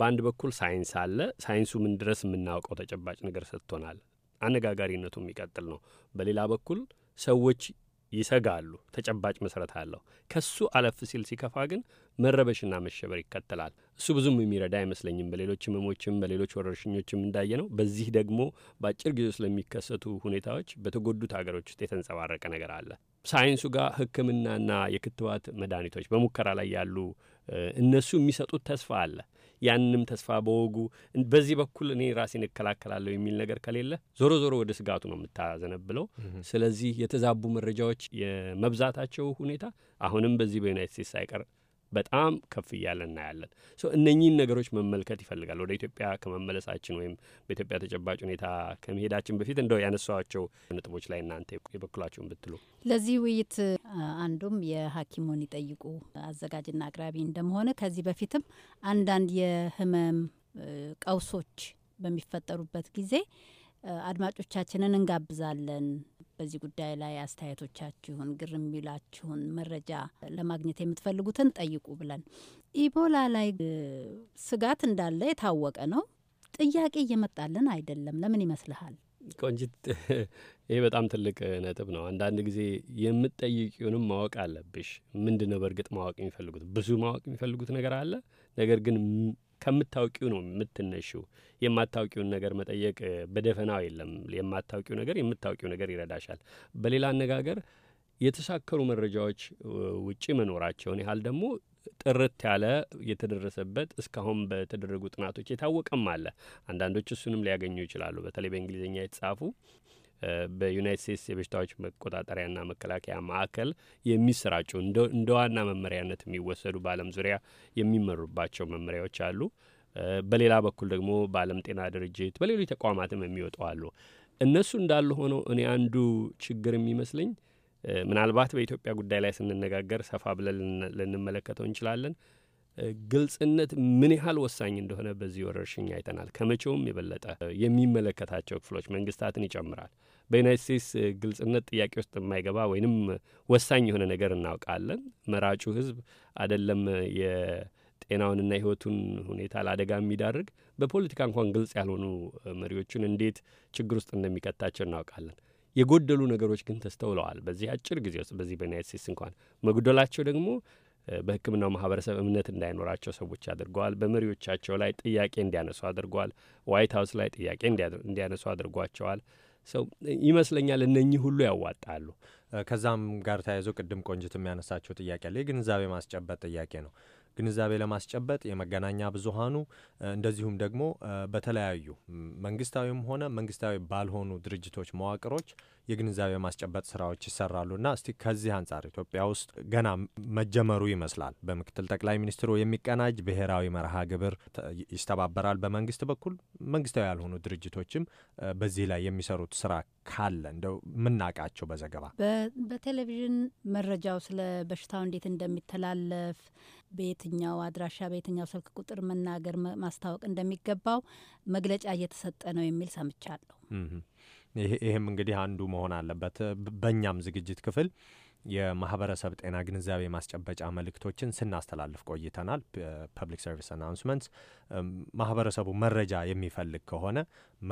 በአንድ በኩል ሳይንስ አለ። ሳይንሱ ምን ድረስ የምናውቀው ተጨባጭ ነገር ሰጥቶናል፣ አነጋጋሪነቱ የሚቀጥል ነው። በሌላ በኩል ሰዎች ይሰጋሉ። ተጨባጭ መሰረት አለው። ከሱ አለፍ ሲል ሲከፋ ግን መረበሽና መሸበር ይከተላል። እሱ ብዙም የሚረዳ አይመስለኝም። በሌሎች ህመሞችም በሌሎች ወረርሽኞችም እንዳየ ነው። በዚህ ደግሞ በአጭር ጊዜ ስለሚከሰቱ ሁኔታዎች በተጎዱት ሀገሮች ውስጥ የተንጸባረቀ ነገር አለ። ሳይንሱ ጋር ሕክምናና የክትባት መድኃኒቶች በሙከራ ላይ ያሉ እነሱ የሚሰጡት ተስፋ አለ። ያንም ተስፋ በወጉ በዚህ በኩል እኔ ራሴን እከላከላለሁ የሚል ነገር ከሌለ ዞሮ ዞሮ ወደ ስጋቱ ነው የምታዘነብለው። ስለዚህ የተዛቡ መረጃዎች የመብዛታቸው ሁኔታ አሁንም በዚህ በዩናይት ስቴትስ አይቀር በጣም ከፍ እያለ እናያለን። እነኚህን ነገሮች መመልከት ይፈልጋል። ወደ ኢትዮጵያ ከመመለሳችን ወይም በኢትዮጵያ ተጨባጭ ሁኔታ ከመሄዳችን በፊት እንደው ያነሷቸው ነጥቦች ላይ እናንተ የበኩላችሁን ብትሉ። ለዚህ ውይይት አንዱም የሐኪሙን ይጠይቁ አዘጋጅና አቅራቢ እንደመሆነ ከዚህ በፊትም አንዳንድ የህመም ቀውሶች በሚፈጠሩበት ጊዜ አድማጮቻችንን እንጋብዛለን በዚህ ጉዳይ ላይ አስተያየቶቻችሁን፣ ግር የሚላችሁን መረጃ ለማግኘት የምትፈልጉትን ጠይቁ ብለን ኢቦላ ላይ ስጋት እንዳለ የታወቀ ነው። ጥያቄ እየመጣልን አይደለም። ለምን ይመስልሃል ቆንጅት፣ ይህ በጣም ትልቅ ነጥብ ነው። አንዳንድ ጊዜ የምትጠይቂውንም ማወቅ አለብሽ። ምንድን ነው በእርግጥ ማወቅ የሚፈልጉት? ብዙ ማወቅ የሚፈልጉት ነገር አለ። ነገር ግን ከምታውቂው ነው የምትነሹ የማታውቂውን ነገር መጠየቅ በደፈናው የለም። የማታውቂው ነገር የምታውቂው ነገር ይረዳሻል። በሌላ አነጋገር የተሳከሩ መረጃዎች ውጪ መኖራቸውን ያህል ደግሞ ጥርት ያለ የተደረሰበት እስካሁን በተደረጉ ጥናቶች የታወቀም አለ። አንዳንዶች እሱንም ሊያገኙ ይችላሉ። በተለይ በእንግሊዝኛ የተጻፉ በዩናይት ስቴትስ የበሽታዎች መቆጣጠሪያና መከላከያ ማዕከል የሚሰራጩ እንደ ዋና መመሪያነት የሚወሰዱ በዓለም ዙሪያ የሚመሩባቸው መመሪያዎች አሉ። በሌላ በኩል ደግሞ በዓለም ጤና ድርጅት በሌሎች ተቋማትም የሚወጡ አሉ። እነሱ እንዳሉ ሆነው እኔ አንዱ ችግር የሚመስለኝ ምናልባት በኢትዮጵያ ጉዳይ ላይ ስንነጋገር ሰፋ ብለን ልንመለከተው እንችላለን ግልጽነት ምን ያህል ወሳኝ እንደሆነ በዚህ ወረርሽኝ አይተናል። ከመቼውም የበለጠ የሚመለከታቸው ክፍሎች መንግስታትን ይጨምራል። በዩናይት ስቴትስ ግልጽነት ጥያቄ ውስጥ የማይገባ ወይንም ወሳኝ የሆነ ነገር እናውቃለን። መራጩ ህዝብ አደለም የጤናውንና ህይወቱን ሁኔታ ለአደጋ የሚዳርግ በፖለቲካ እንኳን ግልጽ ያልሆኑ መሪዎቹን እንዴት ችግር ውስጥ እንደሚከታቸው እናውቃለን። የጎደሉ ነገሮች ግን ተስተውለዋል። በዚህ አጭር ጊዜ ውስጥ በዚህ በዩናይት ስቴትስ እንኳን መጉደላቸው ደግሞ በሕክምናው ማህበረሰብ እምነት እንዳይኖራቸው ሰዎች አድርገዋል። በመሪዎቻቸው ላይ ጥያቄ እንዲያነሱ አድርጓል። ዋይት ሀውስ ላይ ጥያቄ እንዲያነሱ አድርጓቸዋል። ሰው ይመስለኛል እነኚህ ሁሉ ያዋጣሉ። ከዛም ጋር ተያይዞ ቅድም ቆንጅት የሚያነሳቸው ጥያቄ አለ። የግንዛቤ ማስጨበጥ ጥያቄ ነው። ግንዛቤ ለማስጨበጥ የመገናኛ ብዙሃኑ እንደዚሁም ደግሞ በተለያዩ መንግስታዊም ሆነ መንግስታዊ ባልሆኑ ድርጅቶች መዋቅሮች የግንዛቤ ማስጨበጥ ስራዎች ይሰራሉና እስቲ ከዚህ አንጻር ኢትዮጵያ ውስጥ ገና መጀመሩ ይመስላል በምክትል ጠቅላይ ሚኒስትሩ የሚቀናጅ ብሔራዊ መርሃ ግብር ይስተባበራል በመንግስት በኩል መንግስታዊ ያልሆኑ ድርጅቶችም በዚህ ላይ የሚሰሩት ስራ ካለ እንደው የምናውቃቸው በዘገባ በቴሌቪዥን መረጃው ስለ በሽታው እንዴት እንደሚተላለፍ በየትኛው አድራሻ በየትኛው ስልክ ቁጥር መናገር ማስታወቅ እንደሚገባው መግለጫ እየተሰጠ ነው የሚል ሰምቻለሁ። ይህም እንግዲህ አንዱ መሆን አለበት። በእኛም ዝግጅት ክፍል የማህበረሰብ ጤና ግንዛቤ ማስጨበጫ መልእክቶችን ስናስተላልፍ ቆይተናል። ፐብሊክ ሰርቪስ አናውንስመንትስ ማህበረሰቡ መረጃ የሚፈልግ ከሆነ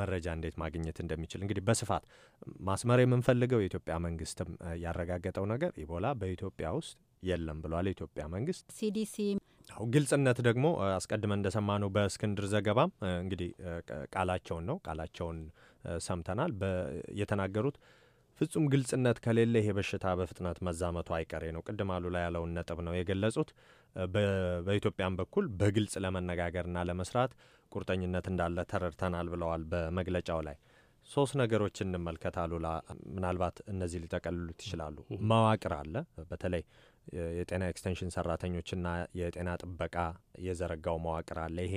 መረጃ እንዴት ማግኘት እንደሚችል እንግዲህ በስፋት ማስመር የምንፈልገው የኢትዮጵያ መንግስትም ያረጋገጠው ነገር ኢቦላ በኢትዮጵያ ውስጥ የለም ብሏል የኢትዮጵያ መንግስት ሲዲሲ። ግልጽነት ደግሞ አስቀድመን እንደሰማነው በእስክንድር ዘገባም እንግዲህ ቃላቸውን ነው ቃላቸውን ሰምተናል የተናገሩት ፍጹም ግልጽነት ከሌለ ይሄ በሽታ በፍጥነት መዛመቱ አይቀሬ ነው። ቅድም አሉ ላይ ያለውን ነጥብ ነው የገለጹት። በኢትዮጵያም በኩል በግልጽ ለመነጋገርና ለመስራት ቁርጠኝነት እንዳለ ተረድተናል ብለዋል በመግለጫው ላይ። ሶስት ነገሮች እንመልከት አሉላ፣ ምናልባት እነዚህ ሊጠቀልሉት ይችላሉ። መዋቅር አለ። በተለይ የጤና ኤክስቴንሽን ሰራተኞችና የጤና ጥበቃ የዘረጋው መዋቅር አለ። ይሄ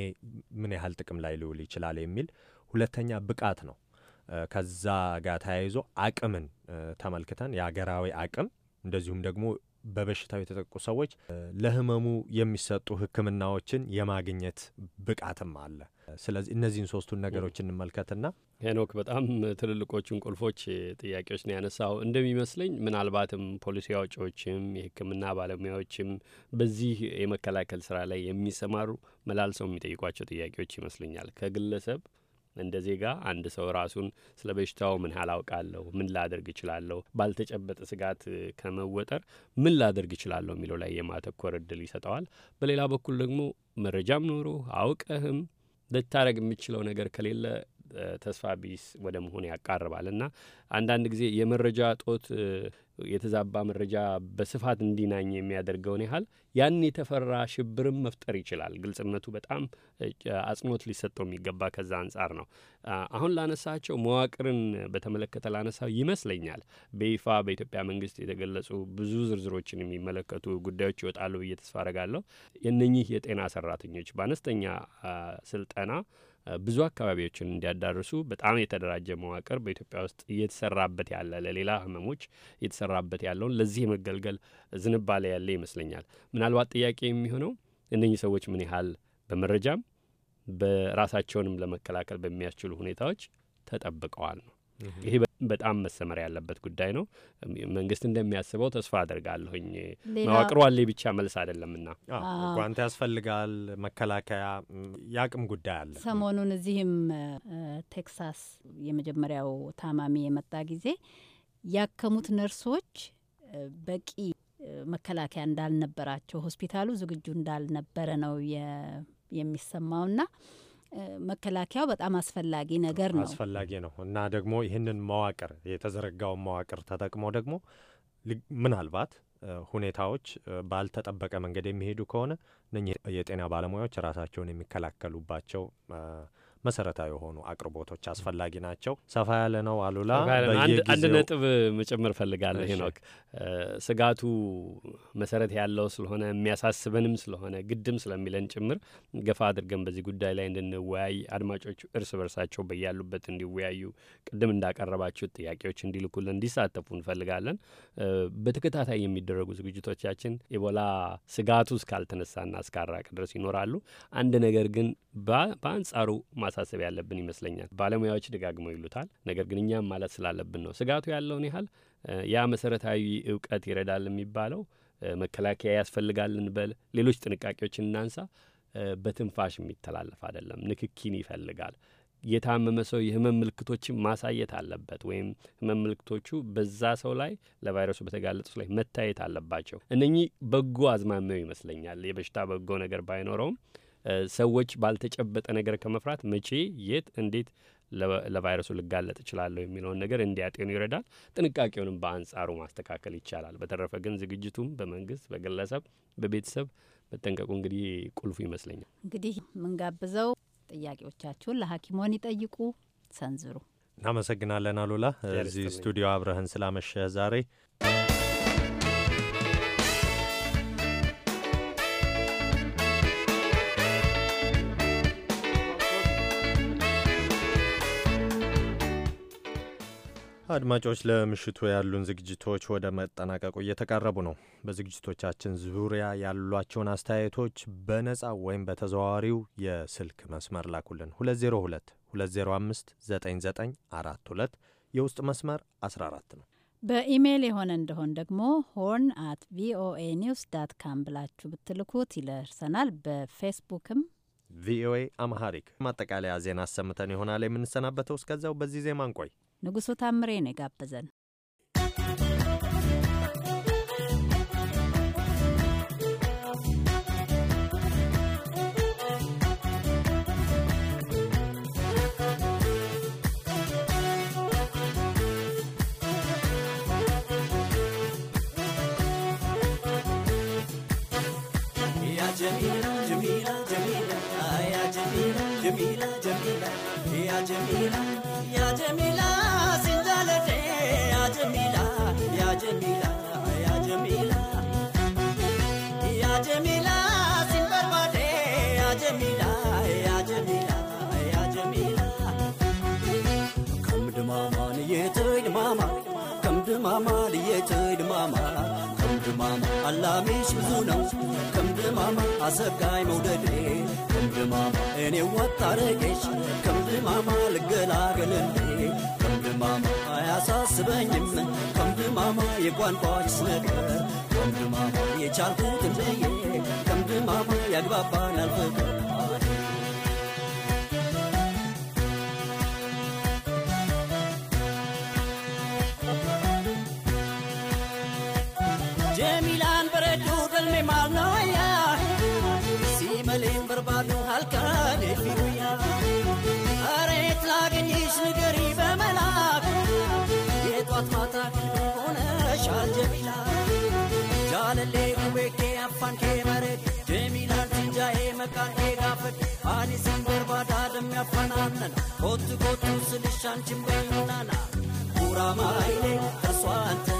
ምን ያህል ጥቅም ላይ ሊውል ይችላል የሚል ሁለተኛ ብቃት ነው። ከዛ ጋር ተያይዞ አቅምን ተመልክተን የሀገራዊ አቅም እንደዚሁም ደግሞ በበሽታው የተጠቁ ሰዎች ለህመሙ የሚሰጡ ህክምናዎችን የማግኘት ብቃትም አለ። ስለዚህ እነዚህን ሶስቱን ነገሮች እንመልከትና ሄኖክ በጣም ትልልቆቹን ቁልፎች ጥያቄዎች ነው ያነሳው። እንደሚመስለኝ ምናልባትም ፖሊሲ አውጪዎችም የህክምና ባለሙያዎችም በዚህ የመከላከል ስራ ላይ የሚሰማሩ መላልሰው የሚጠይቋቸው ጥያቄዎች ይመስለኛል ከግለሰብ እንደ ዜጋ አንድ ሰው ራሱን ስለ በሽታው ምን ያህል አውቃለሁ፣ ምን ላደርግ እችላለሁ፣ ባልተጨበጠ ስጋት ከመወጠር ምን ላደርግ እችላለሁ የሚለው ላይ የማተኮር እድል ይሰጠዋል። በሌላ በኩል ደግሞ መረጃም ኖሮ አውቀህም ልታረግ የምችለው ነገር ከሌለ ተስፋ ቢስ ወደ መሆን ያቃርባል እና አንዳንድ ጊዜ የመረጃ ጦት የተዛባ መረጃ በስፋት እንዲናኝ የሚያደርገውን ያህል ያን የተፈራ ሽብርም መፍጠር ይችላል። ግልጽነቱ በጣም አጽንኦት ሊሰጠው የሚገባ ከዛ አንጻር ነው። አሁን ላነሳቸው መዋቅርን በተመለከተ ላነሳው ይመስለኛል በይፋ በኢትዮጵያ መንግስት የተገለጹ ብዙ ዝርዝሮችን የሚመለከቱ ጉዳዮች ይወጣሉ ብዬ ተስፋ አረጋለሁ። የእነኚህ የጤና ሰራተኞች በአነስተኛ ስልጠና ብዙ አካባቢዎችን እንዲያዳርሱ በጣም የተደራጀ መዋቅር በኢትዮጵያ ውስጥ እየተሰራበት ያለ ለሌላ ህመሞች እየተሰራበት ያለውን ለዚህ የመገልገል ዝንባሌ ያለ ይመስለኛል። ምናልባት ጥያቄ የሚሆነው እነኚህ ሰዎች ምን ያህል በመረጃም በራሳቸውንም ለመከላከል በሚያስችሉ ሁኔታዎች ተጠብቀዋል ነው ይሄ በጣም መሰመር ያለበት ጉዳይ ነው። መንግስት እንደሚያስበው ተስፋ አደርጋለሁኝ። መዋቅሩ አለ ብቻ መልስ አይደለምና ጓንት ያስፈልጋል። መከላከያ የአቅም ጉዳይ አለ። ሰሞኑን እዚህም ቴክሳስ የመጀመሪያው ታማሚ የመጣ ጊዜ ያከሙት ነርሶች በቂ መከላከያ እንዳልነበራቸው ሆስፒታሉ ዝግጁ እንዳልነበረ ነው የሚሰማውና መከላከያው በጣም አስፈላጊ ነገር ነው፣ አስፈላጊ ነው እና ደግሞ ይህንን መዋቅር የተዘረጋውን መዋቅር ተጠቅሞ ደግሞ ምናልባት ሁኔታዎች ባልተጠበቀ መንገድ የሚሄዱ ከሆነ እነኚህ የጤና ባለሙያዎች ራሳቸውን የሚከላከሉባቸው መሰረታዊ የሆኑ አቅርቦቶች አስፈላጊ ናቸው። ሰፋ ያለ ነው። አሉላ አንድ ነጥብ መጨመር ፈልጋለሁ ሄኖክ። ስጋቱ መሰረት ያለው ስለሆነ የሚያሳስበንም ስለሆነ ግድም ስለሚለን ጭምር ገፋ አድርገን በዚህ ጉዳይ ላይ እንድንወያይ አድማጮቹ እርስ በርሳቸው በያሉበት እንዲወያዩ ቅድም እንዳቀረባችሁት ጥያቄዎች እንዲልኩልን እንዲሳተፉ እንፈልጋለን። በተከታታይ የሚደረጉ ዝግጅቶቻችን ኢቦላ ስጋቱ እስካልተነሳና እስካራቅ ድረስ ይኖራሉ። አንድ ነገር ግን በአንጻሩ ማሳሰብ ያለብን ይመስለኛል። ባለሙያዎች ደጋግመው ይሉታል። ነገር ግን እኛም ማለት ስላለብን ነው። ስጋቱ ያለውን ያህል ያ መሰረታዊ እውቀት ይረዳል የሚባለው መከላከያ ያስፈልጋልን በል ሌሎች ጥንቃቄዎችን እናንሳ። በትንፋሽ የሚተላለፍ አይደለም፣ ንክኪን ይፈልጋል። የታመመ ሰው የህመም ምልክቶችን ማሳየት አለበት፣ ወይም ህመም ምልክቶቹ በዛ ሰው ላይ ለቫይረሱ በተጋለጡ ላይ መታየት አለባቸው። እነኚህ በጎ አዝማሚያው ይመስለኛል። የበሽታ በጎ ነገር ባይኖረውም ሰዎች ባልተጨበጠ ነገር ከመፍራት መቼ፣ የት፣ እንዴት ለቫይረሱ ልጋለጥ እችላለሁ የሚለውን ነገር እንዲያጤኑ ይረዳል። ጥንቃቄውንም በአንጻሩ ማስተካከል ይቻላል። በተረፈ ግን ዝግጅቱም በመንግስት፣ በግለሰብ፣ በቤተሰብ መጠንቀቁ እንግዲህ ቁልፉ ይመስለኛል። እንግዲህ የምንጋብዘው ጥያቄዎቻችሁን ለሐኪሞን ይጠይቁ ሰንዝሩ። እናመሰግናለን። አሉላ እዚህ ስቱዲዮ አብረህን ስላመሸህ ዛሬ አድማጮች ለምሽቱ ያሉን ዝግጅቶች ወደ መጠናቀቁ እየተቃረቡ ነው። በዝግጅቶቻችን ዙሪያ ያሏቸውን አስተያየቶች በነጻ ወይም በተዘዋዋሪው የስልክ መስመር ላኩልን። 202 205 9942 የውስጥ መስመር 14 ነው። በኢሜይል የሆነ እንደሆን ደግሞ ሆርን አት ቪኦኤ ኒውስ ዳት ካም ብላችሁ ብትልኩት ይደርሰናል። በፌስቡክም ቪኦኤ አምሃሪክ ማጠቃለያ ዜና አሰምተን ይሆናል የምንሰናበተው። እስከዚያው በዚህ ዜማ እንቆይ። ንጉሱ ታምሬ ነው የጋበዘን። جميلة جميلة يا جميلة جميلة جميلة يا جميلة አላሚሽ ብዙ ነው ከምድማማ አሰጋይ መውደዴ ከምድማማ እኔ ወጣረቄሽ ከምድማማ ልገላገልልዴ ከምድማማ አያሳስበኝም ከምድማማ የቋንቋች ነገር ከምድማማ የቻልኩትን ብዬ ከምድማማ ያግባባናል ፍቅር Jamie mai maalnaya si maleen barbaadu halkan eefiruya areet laaganiis nigarii bamalaaf yeexuat maataa kiluu hoona shaal jabila jaalallee hubeekee affaan kee bareed deemilaan tinjaa'ee maqaan kee gaafadhe ani sin barbaadaa dammi affaan aannan kootu kootu silishaan cimbayunaana guuraamaa ilee taswaanta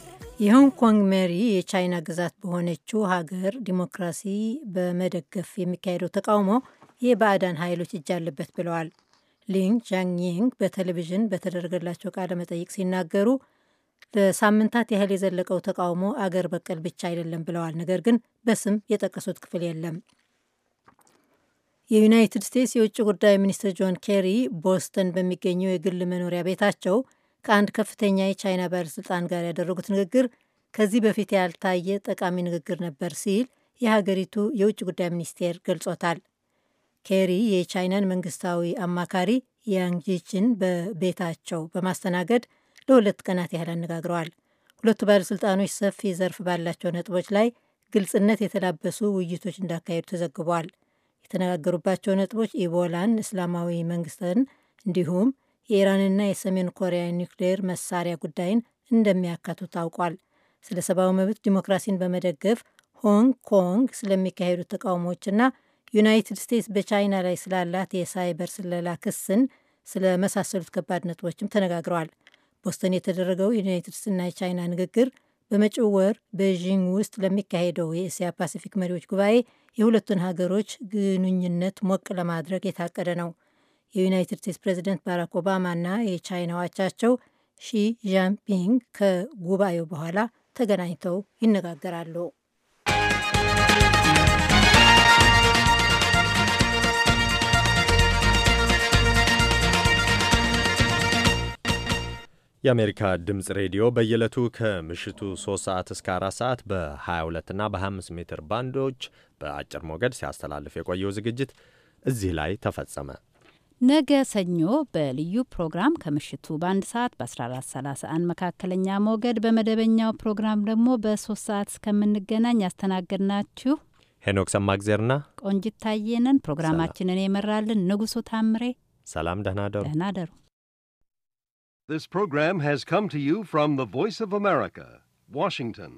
የሆንግ ኮንግ መሪ የቻይና ግዛት በሆነችው ሀገር ዲሞክራሲ በመደገፍ የሚካሄደው ተቃውሞ የባዕዳን ኃይሎች እጅ አለበት ብለዋል። ሊንግ ዣንግንግ በቴሌቪዥን በተደረገላቸው ቃለ መጠይቅ ሲናገሩ ለሳምንታት ያህል የዘለቀው ተቃውሞ አገር በቀል ብቻ አይደለም ብለዋል። ነገር ግን በስም የጠቀሱት ክፍል የለም። የዩናይትድ ስቴትስ የውጭ ጉዳይ ሚኒስትር ጆን ኬሪ ቦስተን በሚገኘው የግል መኖሪያ ቤታቸው ከአንድ ከፍተኛ የቻይና ባለሥልጣን ጋር ያደረጉት ንግግር ከዚህ በፊት ያልታየ ጠቃሚ ንግግር ነበር ሲል የሀገሪቱ የውጭ ጉዳይ ሚኒስቴር ገልጾታል። ኬሪ የቻይናን መንግስታዊ አማካሪ ያንጂችን በቤታቸው በማስተናገድ ለሁለት ቀናት ያህል አነጋግረዋል። ሁለቱ ባለሥልጣኖች ሰፊ ዘርፍ ባላቸው ነጥቦች ላይ ግልጽነት የተላበሱ ውይይቶች እንዳካሄዱ ተዘግቧል። የተነጋገሩባቸው ነጥቦች ኢቦላን፣ እስላማዊ መንግስትን እንዲሁም የኢራንና የሰሜን ኮሪያ ኒውክሌር መሳሪያ ጉዳይን እንደሚያካቱ ታውቋል። ስለ ሰብአዊ መብት ዲሞክራሲን በመደገፍ ሆንግ ኮንግ ስለሚካሄዱ ተቃውሞዎችና ዩናይትድ ስቴትስ በቻይና ላይ ስላላት የሳይበር ስለላ ክስን ስለመሳሰሉት ከባድ ነጥቦችም ተነጋግረዋል። ቦስተን የተደረገው የዩናይትድ ስቴትስና የቻይና ንግግር በመጪው ወር ቤዥንግ ውስጥ ለሚካሄደው የእስያ ፓሲፊክ መሪዎች ጉባኤ የሁለቱን ሀገሮች ግንኙነት ሞቅ ለማድረግ የታቀደ ነው። የዩናይትድ ስቴትስ ፕሬዚደንት ባራክ ኦባማና የቻይና አቻቸው ሺ ዣንፒንግ ከጉባኤው በኋላ ተገናኝተው ይነጋገራሉ። የአሜሪካ ድምፅ ሬዲዮ በየዕለቱ ከምሽቱ 3 ሰዓት እስከ 4 ሰዓት በ22 እና በ25 ሜትር ባንዶች በአጭር ሞገድ ሲያስተላልፍ የቆየው ዝግጅት እዚህ ላይ ተፈጸመ። ነገ ሰኞ በልዩ ፕሮግራም ከምሽቱ በአንድ ሰዓት በ1431 መካከለኛ ሞገድ በመደበኛው ፕሮግራም ደግሞ በሶስት ሰዓት እስከምንገናኝ ያስተናገድናችሁ ሄኖክ ሰማግዜርና ቆንጅት ታየነን። ፕሮግራማችንን የመራልን ንጉሱ ታምሬ። ሰላም፣ ደህና ደሩ። ደህና ደሩ። This program has come to you from the Voice of America, Washington.